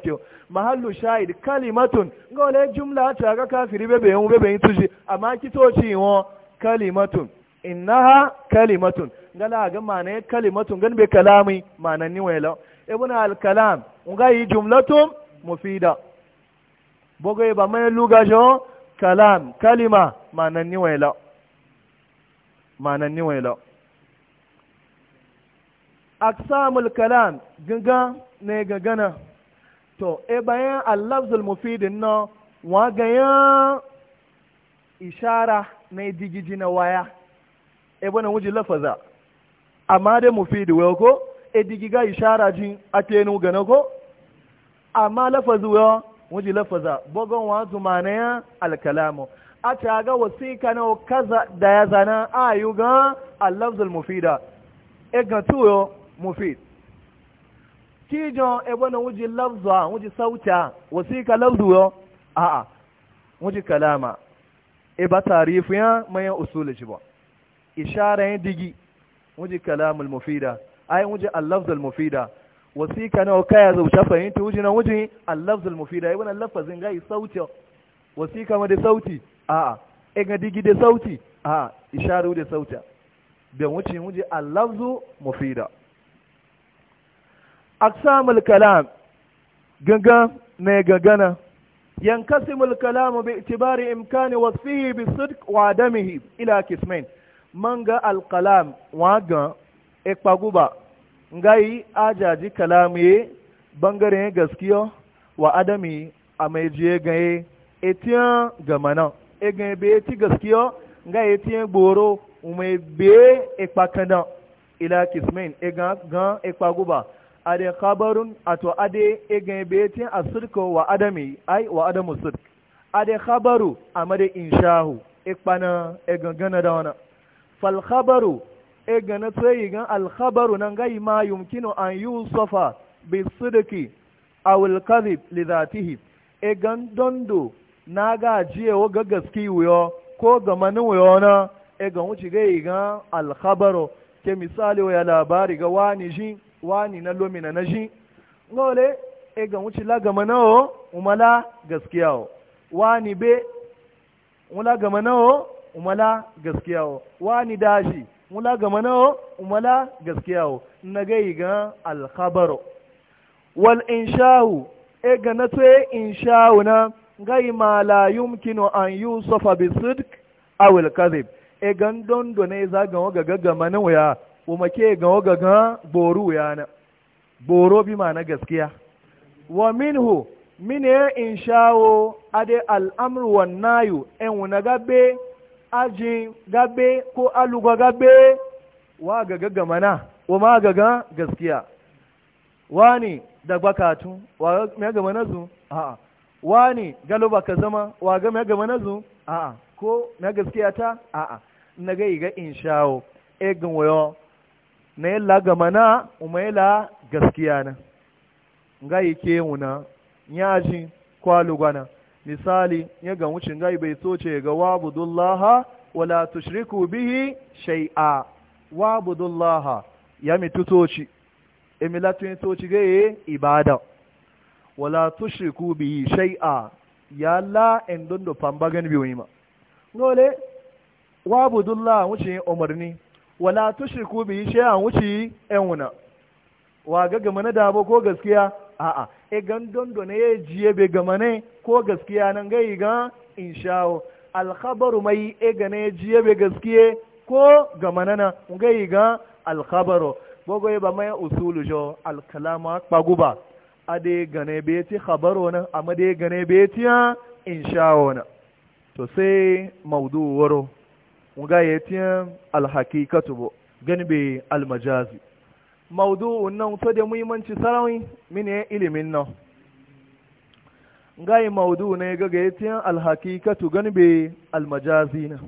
mahallu shahid kalimatun ga wale jumla ta ga kafiri bebe yin bebe yin tuji amma kitoci won kalimatun innaha kalimatun gala ga mane kalimatun gan be kalami manan ni wela ibn al kalam nga yi jumlatum mufida bogo ba mai luga jo kalam kalima manan ni wela manan ni wela aksamul kalam gaga ne gagana to e bayan allafzul mufidin na wagayen ishara na digiji na waya e bana wuji lafaza amma dai mufidi wayo ko e digiga ishara ji atenu gana ko amma lafazu wayo wuji lafaza bogon wa zumana ya alkalamu a ta ga wasika kana kaza da ya zana ayu ga allafzul mufida e ga tuyo mufid kijo e bona wuji lafza wuji sauta ka lafzu yo a a wuji kalama e ba tarifu ya mayan usul shi ba ishara yin digi wuji kalama mufida ai wuji al-lafz al-mufida wasika na kaya zauta fahimta wuji na wuji al-lafz al-mufida ibn al-lafzin gai sauti wasika ma da sauti a a e ga digi da sauti a isharu da sauta da wuce wuji al-lafz mufida aksamul kalam ganga mai gagana ينقسم الكلام باعتبار إمكان وصفه بالصدق وعدمه إلى قسمين منغا الكلام واغا إكباغوبا ngai ajaji kalamiye bangaren gaskiya wa adami a mai jiye gaye etiyan gamana egan be ti gaskiya nga etiyan gboro umai ila kismin egan gan ade khabarun ato ade egen beti asirko wa adami ai wa adamu sirk ade khabaru amade inshahu ikpana egen gana da wana fal khabaru egen na tsayi gan al khabaru nan ma yumkinu an yusafa bi sidiki aw al kadhib li dhatihi egen dondo na ga jiye wa ga gaski wuyo ko ga manin wuyo na egen wuci yi gan al khabaru ke misali wa labari ga wani jin wani na lomina na shi ngole e ga wuce la gama nawo umala gaskiya o wani be wula gama nawo umala gaskiya o wani dashi wula gama nawo umala gaskiya o na gai ga alkhabaro wal inshahu e ga na to inshahu na gai ma la yumkinu an yusafa sidq aw kadhib e gan don do ne za ga ga gama nawo ya kuma ke gawa gaga boru na boro bi ma na gaskiya wa minhu mine in shawo ade al'amru wa nayu en wuna gabe aji gabe ko aluga gabe wa gaga gamana wa ma gaga gaskiya wani da bakatu wa me gama zu? a'a wani galuba ka zama wa ga me gama zu? a'a ko na gaskiya ta a'a na ga iga in shawo egun wayo na yalla ga mana umaila gaskiya na ga yake wuna yaji kwalugana. misali ya ga wucin gai bai soce ga wabudullaha wala tushriku bihi shay'a wabudullaha ya mitu soci emilatun soci ga ibada wala tushriku bihi shay'a ya la endondo pambagan biwima ngole wabudullah wucin umarni wala tushriku bihi shay'an wuci en wuna wa ga gama na dabo ko gaskiya a'a e gan dondo ne ya jiye be gama ne ko gaskiya nan gai ga al alkhabaru mai e ga ne jiye be gaskiye ko gama nana gai ga bo gogo e ba mai usulu jo alkalama a ade gane be ti khabaro na de gane be ti na to sai mawdu woro ga yetiyan alhakikatu bo gani be almajazi maudu nan to da muhimmanci sarawi mine ilimin nan ga yi mawdu'u ya ga ga yetiyan alhakikatu gani be almajazi na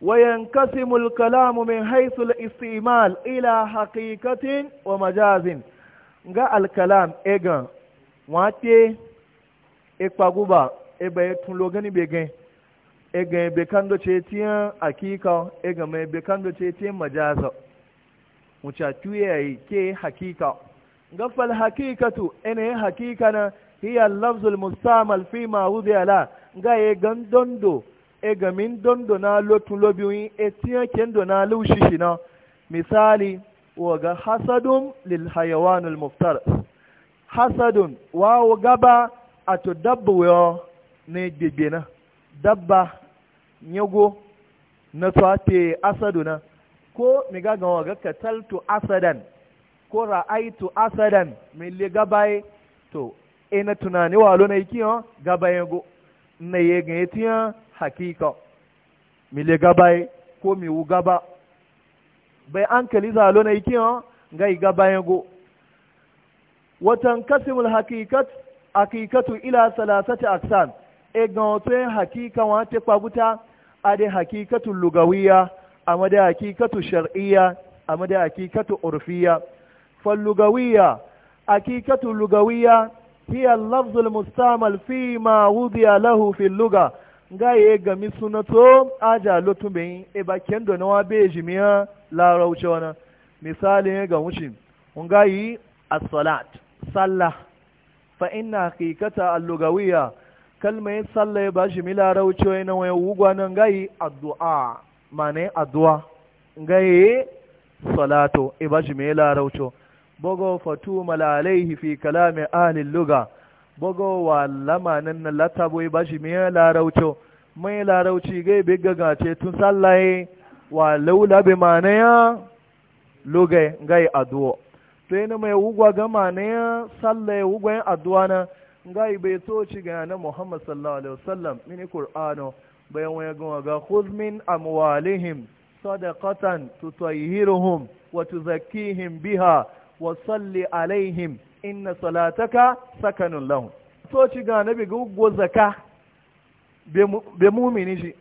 wayan kasimul kalamu min haythul istimal ila haqiqatin wa majazin ga alkalam egan wate e paguba e bayetun lo gani be gani. ega ebe kando ce tiyan hakika ega mai ebe kando ce tiyan majaza wuce tuyayi ke hakika gafal hakikatu ina yin hakika na hiya lafzul mustamal fi ma wuzi ala ga ye gan dondo e min dondo na lobi lobiyoyin e tiyan kendo na lushishi na misali wa ga hasadun lil hayawanul muftar hasadun wa gaba a to dabbo ne gbegbe na dabba nyago na tuwate na ko miga ga waga kataltu asadan ko ra'aitu asadan min le gabaye to ina tunani walo na iki yon gabaye go na ye ga yetiya hakika min le gabaye ko mi wu gaba bai an kali zalo na iki yon ga gabaye go watan kasimul hakikat hakikatu ila salasati aksan e ga yin hakika wa ta kwaguta a hakikatu lugawiya a hakikatu shar'iyya a ma da hakikatu urfiya lugawiya hakikatu lugawiya hiya lafzul mustamal fi ma wudiya lahu fi luga ga ye ga mi sunato aja lotume e ba kendo na wa be la rauce wana misali ga ga yi as-salat sallah fa inna hakikata al-lugawiyya kalmar sallah ya shi mila raucewa yana waya wugwa nan gayi addu'a mane addu'a gayi salatu ya shi mila raucewa bogo fatu malalaihi fi kalamin ahlin luga bogo wa lamanin na latabo ya shi mila raucewa mai larauci gai bi gaga gace tun sallaye wa laula bi ya lugai gai addu'a to yana mai wugwa ga ya sallaye wugwayen addu'a na ngai bai ci ga na Muhammad sallallahu alaihi wasallam mini Qur'ano bayan waya ga ga khudh min amwalihim sadaqatan tutayhiruhum wa tuzakkihim biha wa salli alaihim inna salataka sakanun lahum ci ga nabi go zaka be mu'mini ji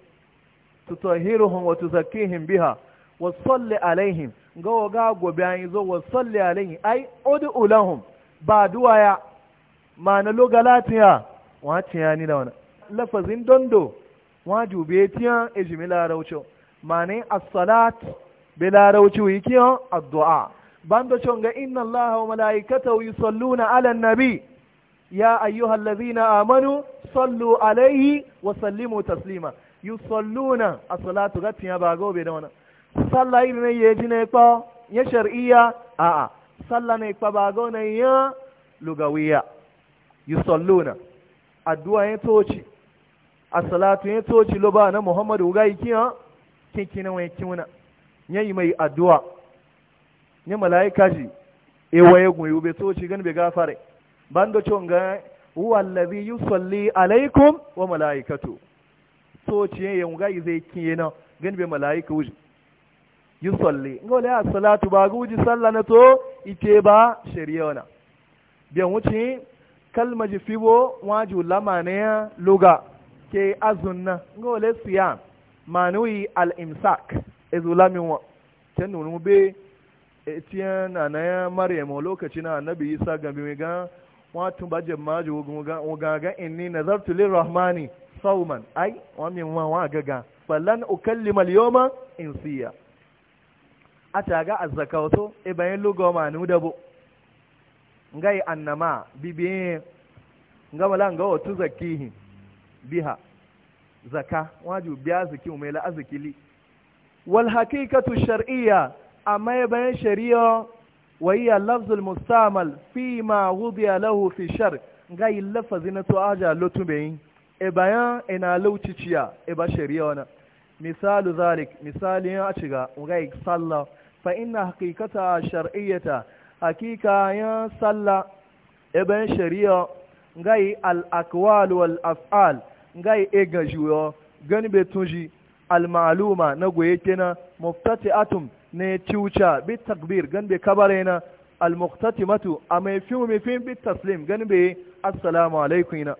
tutayhiruhum wa tuzakkihim biha wa salli alaihim ga ga go bayan zo wa salli alaihim ai ud'u lahum ba duwaya ma'ana lo latiya wa tiya ni da wani lafazin dondo wajube tiya ejimi larauci ma'ana as-salat bi larauci wi kiyo addu'a bando chonga inna allaha wa malaikatahu yusalluna ala nabi ya alladhina amanu sallu alayhi wa sallimu taslima yusalluna as-salatu gatiya ba gobe da wani sallah irin yeji ne pa ya shar'iyya a'a sallah ne pa ba go ne ya lugawiya yusalluna addu'a yin toci Asalatu yin toci lo ba na muhammadu ga ikiya kina wani kiuna yayi mai addu'a ne malaika ji ewa ya goyi be toci gan be gafare bando chonga huwa allazi yusalli alaikum wa malaikatu toci yayi yi zai kiyena gan be malaika wuji yusalli ngole a asalatu ba guji sallah na to ite ba shari'a na biyan wuci kalma ji fibo waju lama ne luga ke azunna ngo le siya manui al imsak ezulami wa tan nunu be e na na maryam lokaci annabi isa ga bi ga watu baje maju ga ga inni nazartu rahmani sawman ai wa mi wa wa ga falan ukallima al-yawma insiya ataga azzakawato e bayin lugo manu dabo ngai annama bibiye nga wala nga otu zakihi biha zaka waju biya zaki la azikili wal haqiqatu shar'iyya amma ya bayan shari'a wa hiya lafzul mustamal fi ma wudiya lahu fi shar ngai lafazi na to aja yin. e bayan ina lauciciya e ba shari'a na. misalu zalik misali ya ciga ngai sallah fa inna haqiqata shar'iyyata hakika ya salla ibn shari'a ngai al aqwal wal af'al ngai ega juyo gani be tunji al-ma'luma na goye kena muftati atum ne ciuca bi takbir gani be kabarena al-muqtatimatu amai fiu mi fin bi taslim gani be assalamu alaikum na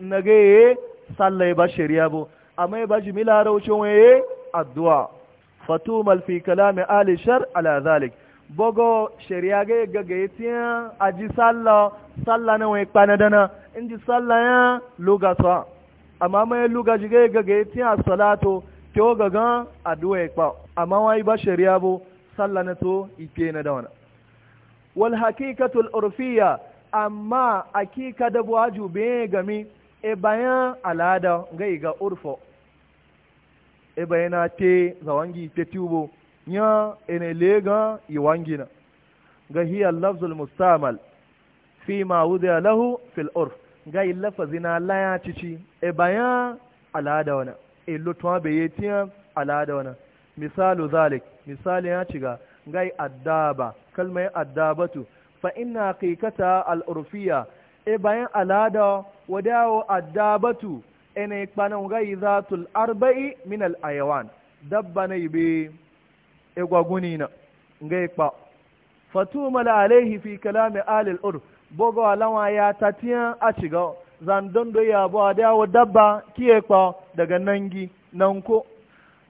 nagaye sallai ba shari'a bo amai ba jimila raucin waye e addu'a fatumal fi kalami ali shar ala zalik bogo shari'a ga gaga ya a ji salla salla na wani kpanadana in ji salla ya luga sa amma mai luga ji ga gaga ya a salato ke o gaga a duwa ya amma wani ba shari'a bu salla na to ike na da wani wal hakikatul urfiya amma akika da bu aju be gami e bayan alada ga ga urfo e bayana te zawangi te tubo ya ene ga iwangina ga hiya lafzul mustamal fi ma wudiya lahu fil urf ga yi la ya cici e baya al'ada wana e lutwa bayetiya al'ada wana misalu zalik misali ya ciga ga addaba kalmai addabatu fa inna haqiqata al'urfiya e baya al'ada wadao addabatu ene kpanan ga zatul arba'i min ayawan dabba na bi. egwaguni na ngai kpa fatumala alaihi fi kalami alil ur bogo alawa ya tatiya a shiga zandon do ya bo adawo dabba kiye kpa daga nangi nanko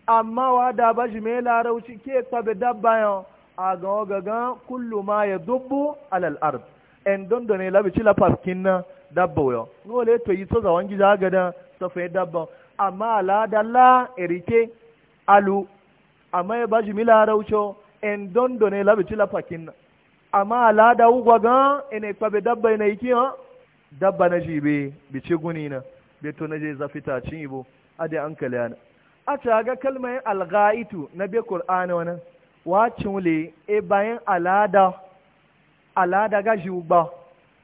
amma wa da ba me larauci ke kpa be dabba yo a ga gaga kullu ma ya dubbu alal ard en don do ne labi ci la paskin na dabba yo ngole to yi wangi za zaga da safa dabba amma ala dalla erike alu amma ya e baji mila raucho en don don ne labi la fakin na amma alada ugwa ga ene kwabe dabba ina iki ha dabba na jibe bi ci guni na bi to na je zafita ci ibo ade an kale ana a ta ga kalmar alghaitu na bi qur'ani wana wa chule e bayan alada alada ga jiuba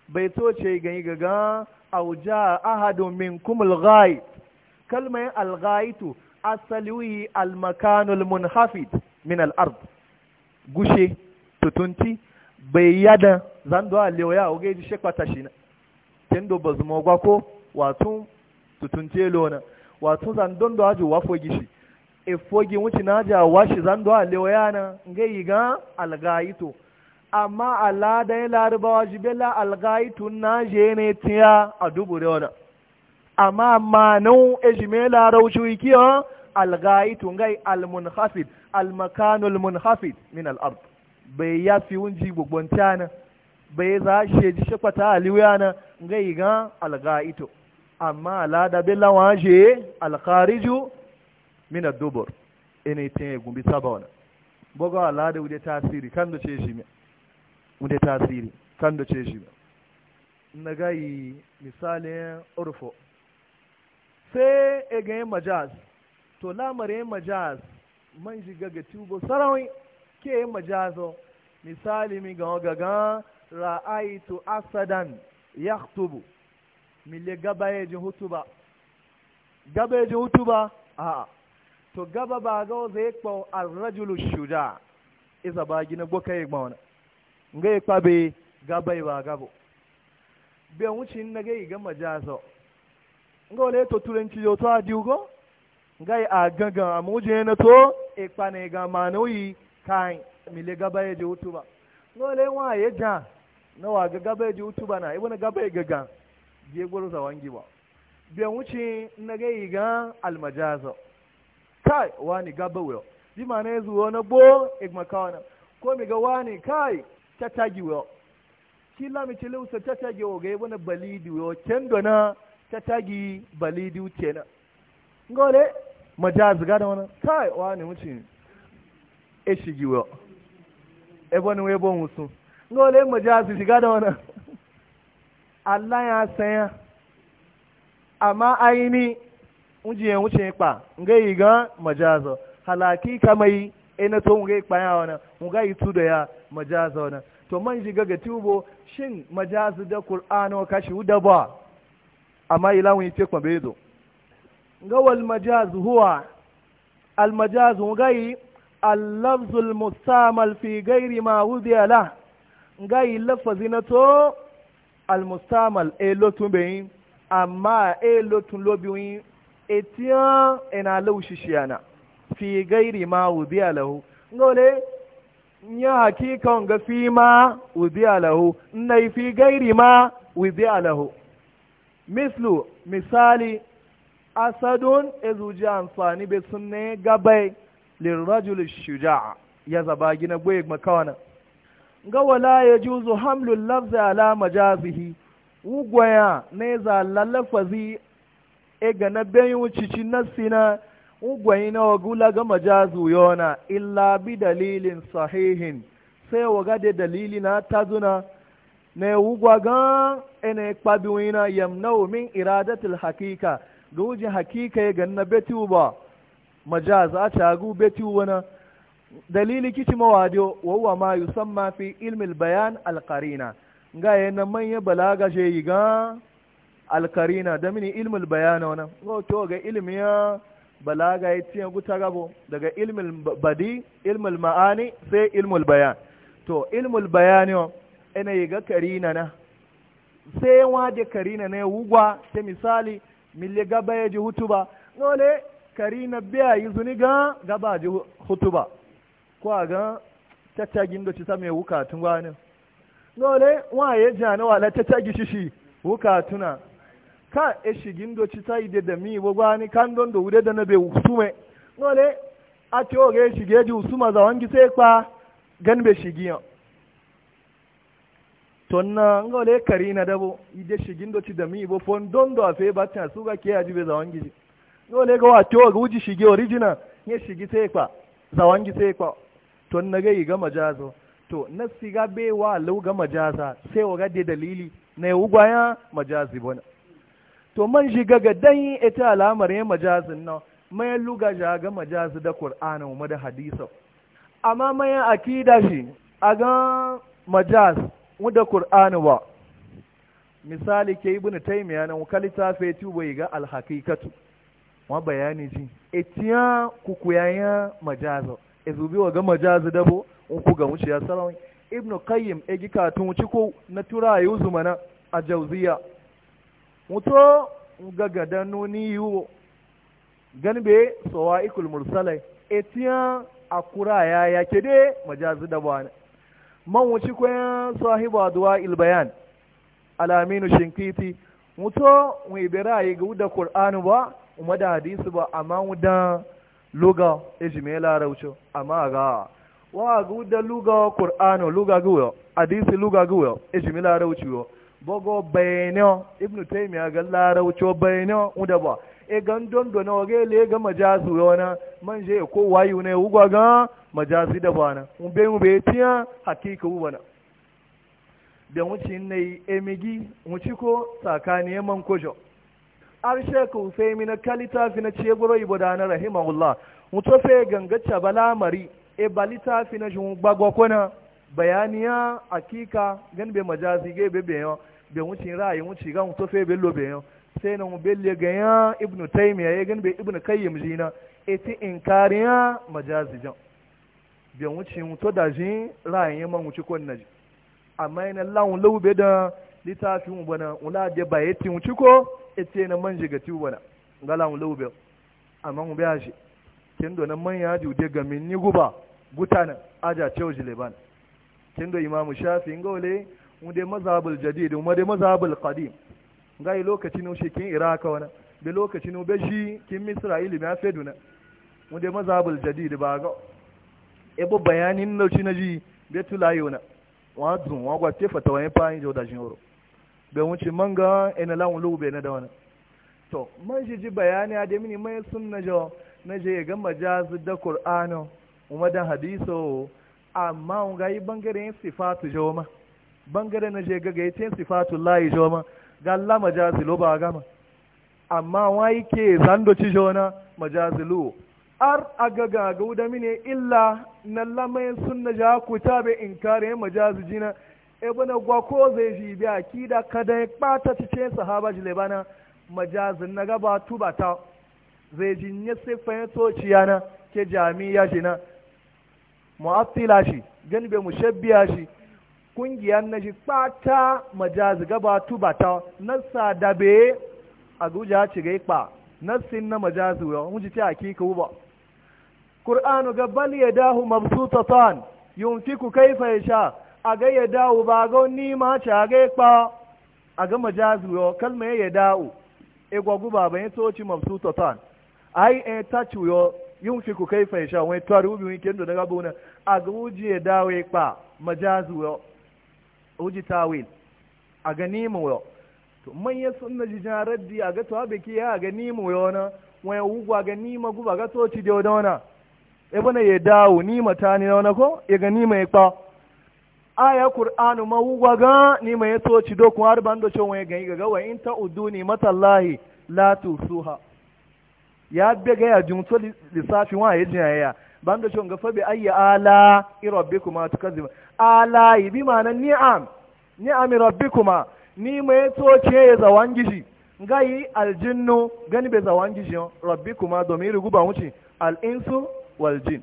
bai to ce gani gaga auja ahadu minkum alghait kalmar alghaitu asaliwi almakanul munhafid min al'ard gushe tutunti bai yada zando a lewaya oge ji shekwata shi na tendo ba zuma gwa ko tutunti lona watun zandon da ajo wafo gishi e fogi wuce na aji a washi zando a lewaya na ga yi ga algayito amma alada ya larabawa jibela gaitu na je ne tiya a dubu da amma manan ejime larauci ha algaitu ngai almunhafid almakanul munhafid min al'ard bai ya fi wunji gbogbon tana bai za shi ji shakwata aliyana ngai ga alga'ito. amma lada bela waje alkhariju min ad-dubur ene tin gumbi sabona bogo lada wude tasiri kan da ce shi wude tasiri kan da ce shi na gai misalin urfo sai yin majaz to yin majaz man shiga ga tubo sarawai ke yin majazo misali mi ga gaga ra'aitu asadan yaktubu mille gaba ya ji hutuba gaba ya ji hutuba a to gaba ba ga ya kpa arrajulu shuja isa ba gina boka ya gba wani ga ya kpa bai gaba ba gabo bai wuce na ga yi ga jazo. ngole to turanci yo to adiugo ngai a gangan amuje na to e pane e ga manoyi kai mile gaba ye je utuba ngole wa ye ja na wa ga gaba ye je utuba na ibuna e gaba ye e gaga je goro za wangi ba biyan wuce na gai ga almajazo kai wani gaba wo bi ma na zuwa na bo igma kawana ko mi ga wani kai tatagi wo kila mi tele usa tatagi wo ga ibuna balidi wo kendo na ta tagi balidi wuce na ngole majazi gada wani kai wani wuce e shigi wa ebon webon wusu ngole majazi shiga da wani Allah ya sanya amma aini ujiyen wuce kpa nga yi ga majazo halaki kamai e na to nga kpa ya wana nga yi tu da ya majazo na to man shiga ga tubo shin majazi da qur'ano kashi da ba amma ilawun ce kwa bezo gawal majaz huwa al majaz gai al lafzul mustamal fi gairi ma wudiya la gai lafazi na to al mustamal e lotun beyin amma e lotun lobiyin etiyan ina e laushishiyana fi gairi ma wudiya lahu gole Nya hakikan ga fi ma wudiya lahu nai fi gairi ma wudiya lahu mislu misali asadun ezuji amfani bai sun ne gabai lirajul shuja'a ya zaba gina gwaye makawana ga wala ya juzu hamlul lafzi ala majazihi ugwaya ne za lallafazi e ga na bayan nasina ugwayi na wagula ga majazu yona illa bi dalilin sahihin sai waga da dalili na tazuna na ya wugwa gan ene kpabiwi na yamnau min iradatul hakika gujin hakika ya ganna betu ba majaz a cagu betu wana dalili kici mawadiyo wawa ma yusamma fi ilmil bayan alkarina ga yana manya balaga je yi ga alkarina da mini ilmil bayana wani ga to ga ilmiya balaga ya tiyan guta gabo daga ilmil badi ilmil ma'ani sai ilmul bayan to ilmul bayani ene ga karina na sai waje karina na ya wugwa ta misali mille gaba ya ji hutuba nole karina biya yi zuni ga gaba ji ba ko a ga tattagin da ci same tun gwani nole waye jana wala tattagi shishi tuna ka e shigin do ci sai de da mi bo gwani kan don do wude da na be usume nole a ti o ge shige ji usuma za wangi sai kwa gan be shigiyan tonna nga wale kari na dabo ide shigin do ci da mi bo fon don do afe batta su ga ke aji be zawan giji nga wale ga wato ga uji shige original ne shigi sai kwa zawan gi sai kwa tonna ga yi ga majazo to na siga be wa lu ga majaza sai wa ga de dalili na yi ugwaya majazi bona to man shiga ga dan ita alamar ya majazin nan mai luga ja ga majazi da qur'ana mu da hadisa amma mai akida shi a ga majaz da ƙur'ani ba misali ke ibn taimiya na muka littafi ci bai ga alhakikatu ma bayani ji etiya kukuyaya majazo ezubi wa ga majazo dabo in ku ga wuciya salawai ibn qayyim e gika tun wuci ko na tura yuzu mana a jauziya muto ga gadan ni yuwo ganbe sawaikul mursalai etiya akura ya ya kede majazo dabo ne man wuci kwayan sahibu aduwa ilbayan alaminu shinkiti mutu mu ibira yi ga wuda qur'anu ba umar da hadisi ba amma wuda luga ijmela raucho amma ga wa ga wuda luga qur'anu luga guwa hadisi luga guwo ijmela raucho bogo bayano ibnu taimiyar ga laraucho bayano wuda ba e gan dondo na wage le ga majasu yana man je ko wayu ne ugwa ga majasi da bana un be mu be tiya hakika u bana da wuci ne emigi wuci ko sakani man kojo arshe ka usaimi min kalita fi na ce goro ibo da na rahimahullah mutu fe gangacce balamari e balita fi na jun gbagwa kona bayaniya hakika gan be majazi ge be be yo be wuci rayi wuci ga mutu fe be lo be yo sai na mubele ga ya ibn taymiya ya gani bai ibn kayyim jina eti in kariya majazijan bi wuce mutu da jin ra'ayin yamma wuce kon naji amma yana lawun laube da mu bana wala da baye ti wuce ko eti na man ga ti bana ga lawun laube amma mu biya shi kin do nan manya ya ji de ga min ni guba gutana aja cewa leban kin do imamu shafi ngole mu de mazhabul jadid mu de mazhabul qadim ngai lokaci no shi kin iraka wana be lokaci no be shi kin misra ilimi afe duna mu de mazhabul jadid ba ga e bo bayanin no shi na ji be tulayo na wa dun wa gwa te fatawa yin pa injo da jinoro be wuce manga ina lawun lube na da wana to man shi ji bayani a da mini mai sunna jo na je ga majazu da qur'ano kuma da hadiso amma ga yi bangaren sifatu ma bangaren na je ga ga yi sifatu lahi ma galla majazilu ba gama amma wai ke zando ci jona majazilu ar aga gaga da mine illa na lamai sunna ja ku tabe inkare majazijina bana gwa ko zai ji bi akida kada ya bata cice sahaba jile bana majazin na gaba tubata zai ji ne sai fahimto ciyana ke jami'a shi na mu'attila shi ganbe mushabbiya shi kungiyar na shi fata majazi gabatu ba ta nasa dabe a guja ci ga ikpa nassin na majazi wa mun ji ta hakika ba qur'anu gabbal yadahu mabsutatan yunfiku kayfa yasha ya yadahu ba ga ni ma a ga ikpa ga majazi wa kalma yadahu e gwagu ba yin soci mabsutatan ai e ta ciwo yunfiku kayfa yasha wai tarubi wani kendo daga bona ga uje dawo ikpa majazi wa uji tawil a gani mu yo to manya sunna ji jaraddi a to abe ki ya gani mu yo na waya ugwa gani ma guba to ci da dona e bana ya dawo ni mata ni na ko ya gani ma ya pa aya qur'anu ma ugwa ga ni ma ya to ci do ko har bando cho waya gani ga wa in ta uduni matallahi la tusuha ya bega ya jumto lissafi wa ya jin ya bando cho ga fa bi ayya ala irabbikum ma alayi bi ma nan ni'am ni'ami rabbikuma ni mai toce ya zawan gishi gayi aljinnu gani bai zawan gishi rabbikuma domin guba wuce al'insu wal jin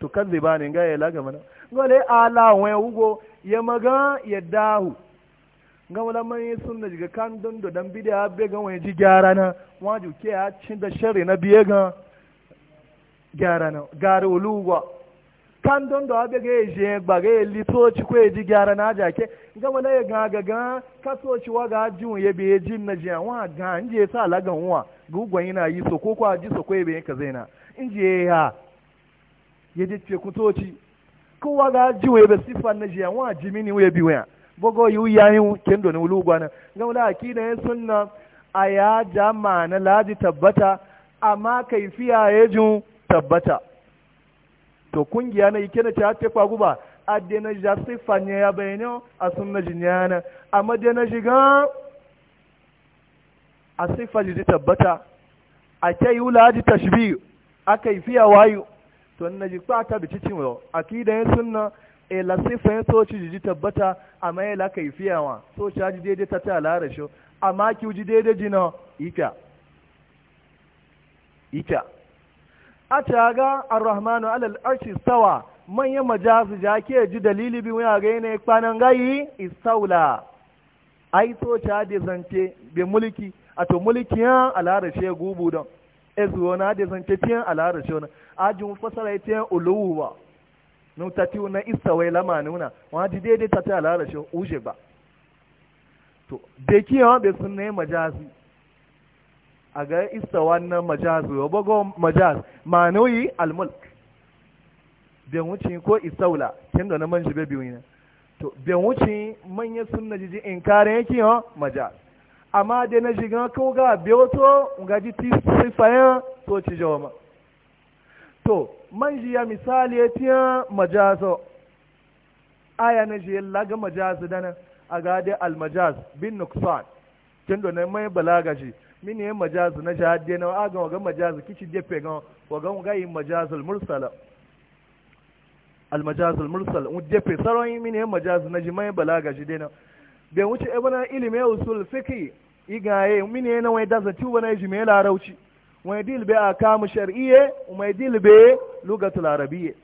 to ba ne ga ya laga mana gole ala wai ugo ya maga ya dahu ga wala mai sunna jiga kan don do dan bidiya be ga wai ji gyara na waju ke ya cin da shari na biye ga gyara na gari uluwa kan don da wabe ga yaje ba ga so soci ko yaji gyara na jake ga wala ya ga ga ka soci wa ga jin ya be jin na jiya wa ga nje sa ga wa gwan ina yi so ko kwa ji so ko be ka zaina inje ya yaje ce ku soci ko wa ga ji ye be sifan na jiya wa jimini we bi wa bogo yu yayin kendo ne ulugwa na ga wala na sunna aya jama na laji tabbata amma kaifiya yajin tabbata to kungiya na ike na ta tefa guba a dena ja sifa ne ya bayani a sun na jinyana amma dena shiga a sifa ji tabbata a ke yi wula ji tashbi aka yi fiya wayo to na ji kwa ta bici cin yau da yin sunna e la sifa yin soci ji tabbata amma ya e la ka yi fiya wa soci ji daidai ta ta lara shi amma ki ji daidai jina ika ika a caga arrahmanu alal arshi sawa manyan majasu ja ke ji dalili bi wuya ga yanayi kwanan gayi isaula ai to ca da zance bi mulki a to mulki ya alarashe gubu don ezuwa na da zance tiyan alarashe wani ajin fasara tiyan uluwu ba nutati na isawai lama nuna wani daidai ta ta alarashe uje ba to da kiyan bai sun ne majasi a ga isa wannan majaz wa bago majaz manoyi almulk bin wuce ko isaula kin da na manji be biyu ne to bin wuce manyan sunna jiji in kare yake ha majaz amma da na jiga ko ga biyoto ga ji ti sifaya to ci jawama to manji ya misali ya tiya majazo aya na je laga majaz dana a ga da almajaz bin nuksan kin da na mai balaga mini yin majazu na shahadde na agan waga majazu kici jefe gan waga ga yin majazul mursala al majazul mursal un jefe saron yi mini yin majazu na ya balaga jide na bai wuce ibana ilimi usul fiqi igaye mini na wai dazan ci wani jimai larauci wani dil a kamu shar'iyye wani dil be lugatul arabiyye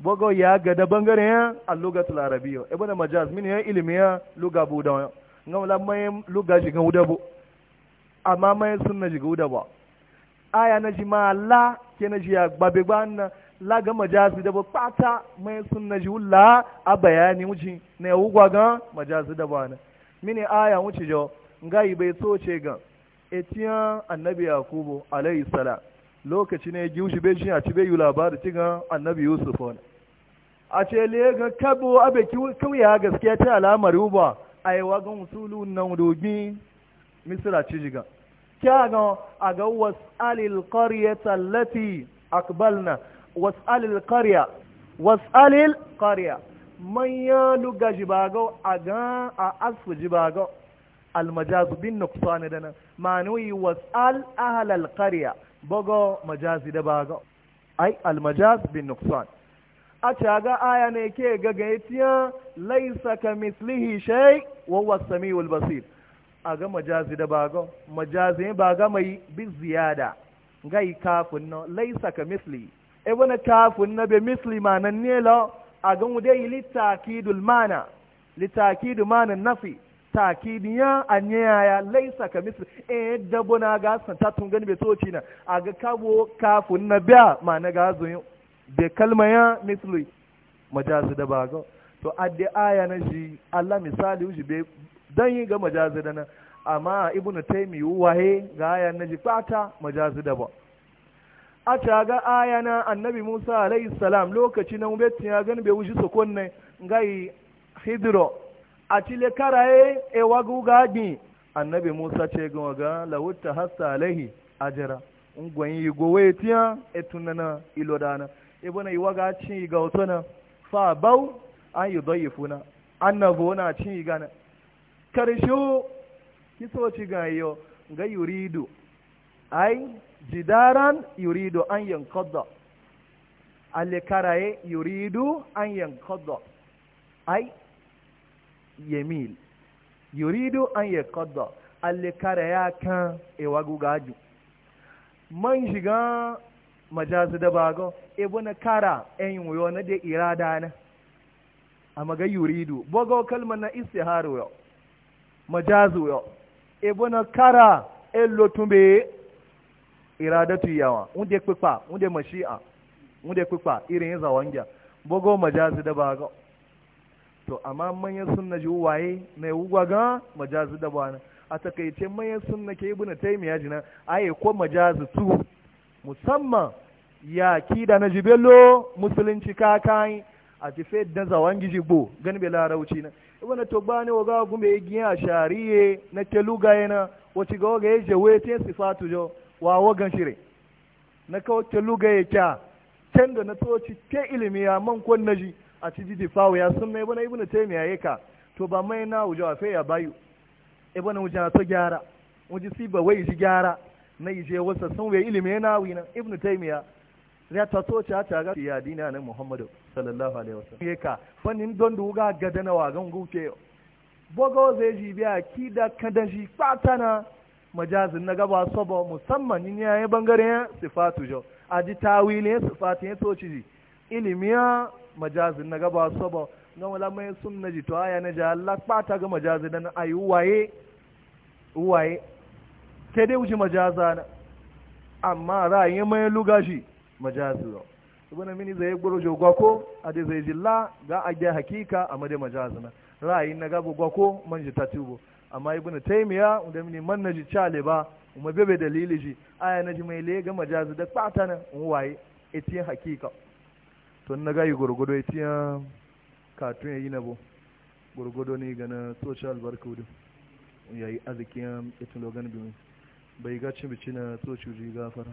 bogo ya gada bangare ya al lugatul arabiyya ibana majaz mini yin ilimi ya lugabu da wani ngam lamma yin lugashi ga wudabu amma mai sun na jiga da ba aya na ji ma la ke na ji ya gbabe gba na la ga majazi da ba kwata mai sun na ji la a bayani wuce na yawu gwagan majazi da ba na mini aya wuce jo nga yi bai so ce ga etiyan annabi yakubu alayhi sala lokaci ne giushi bai shi a ci bai yi labari ci ga annabi yusuf wani a ce le kabo abe kiwuya gaskiya ta alamar uba a yi wagon usulu na dogi misira ci jigan Kyano a ga was'alil ƙarya tallati akbalna was'alil ƙarya was'alil ƙarya manyan luga jibagau a gan a asfu jibago almajazu bin nuksani da nan manuyi was'al ahalal ƙarya bago majazi da bago ai almajaz bin nuksan a caga aya ne ke gaga ya laisa ka mislihi shai wa wasami basir a ga majazi da bago majazi ba ga mai bi ziyada gai kafin na laisa ka misli e wani kafin na bi misli ma nan ne a ga mu dai litakidul mana litakidu mana nafi takidin ya anyaya ya laisa ka misli e dabo na ga san ta tun gani be toci na a ga kabo kafin na biya ma na ga zo be kalma ya misli majazi da bago to adde aya na shi Allah misali uji be don yi ga majazi da nan amma ibn taimi waye ga ayan na jifata majazi da ba a ta ga aya na annabi musa alayhi salam lokaci na ubetin ya gani bai wuce sokon ne ngai hidro a cile karaye e wagu gagi annabi musa ce ga waga lawutta hasta alaihi ajira ngwan yi gowe tiya etunana ilodana ibn yi waga cin ga otona fa bau an yi doyifuna annabi wana cin gana karshe ci gayo ga yuridu ai jidaran yuridu an yankadda alikaraye yuridu an yankadda ai yemil yuridu an yankadda alikaraya kan ewagu gaju man shiga majazi da bago ebo na kara yan wuyo na da irada na a maga yuridu bogo kalmar na istiharu yau majazu yo ibuna kara e tumbe iradatu yawa unde kpekpa unde mashi'a unde kpekpa irin wanja bogo majazi da bago to amma manyan sunna ji waye mai wugwa ga majazi da bana a takaice manyan sunna ke ibuna taimiya jina aye ko majazi tu musamman ya kida na jibello musulunci kakai a ti fe dan zawan gizi bo gani be larauci na ibana e to gbani e wa ga gumbe giya shariye na ke lugaye na wati ga waga yaje e we te sifatu jo wa wagan shire na kawo wata lugaye kya da na toci ke ilimi ya man kon naji a ci jiji fawo ya sun mai bana ibnu taymiya ka to ba mai na wujo a fe ya bayu ibana wujo to gyara si ba wai ji gyara na ije wasa sun we ilimi na wina ibnu taymiya ya ta toci a ta ga ya dina na muhammadu sallallahu alaihi wasallam ka fannin don da wuga gada na wagan guke bogo zai ji biya ki da kada shi fatana majazin na gaba sabo musamman in yayi bangaren sifatu jo aji tawilin sifatu ya toci ji ilimiya majazin na gaba sabo don wala mai sunna ji to aya na ja Allah fata ga majazin dan ayi waye waye ke dai wuce majazana amma ra ra'ayin mai lugashi majazi ibn mini zai gboro jo gwako a da zai jilla ga gya hakika a madai majazina ra'ayi na gabu gwako man ji tatubo amma ibn taymiya unda mini man na ji cale ba kuma bebe dalili ji aya naji mai le ga majazi da kwata na waye etiyan hakika to na ga yi gurgudo etiyan katun yayi na bo gurgudo ne ga na social barkudu yayi azikin etin logan bai ga cin bici na tsoci ga fara.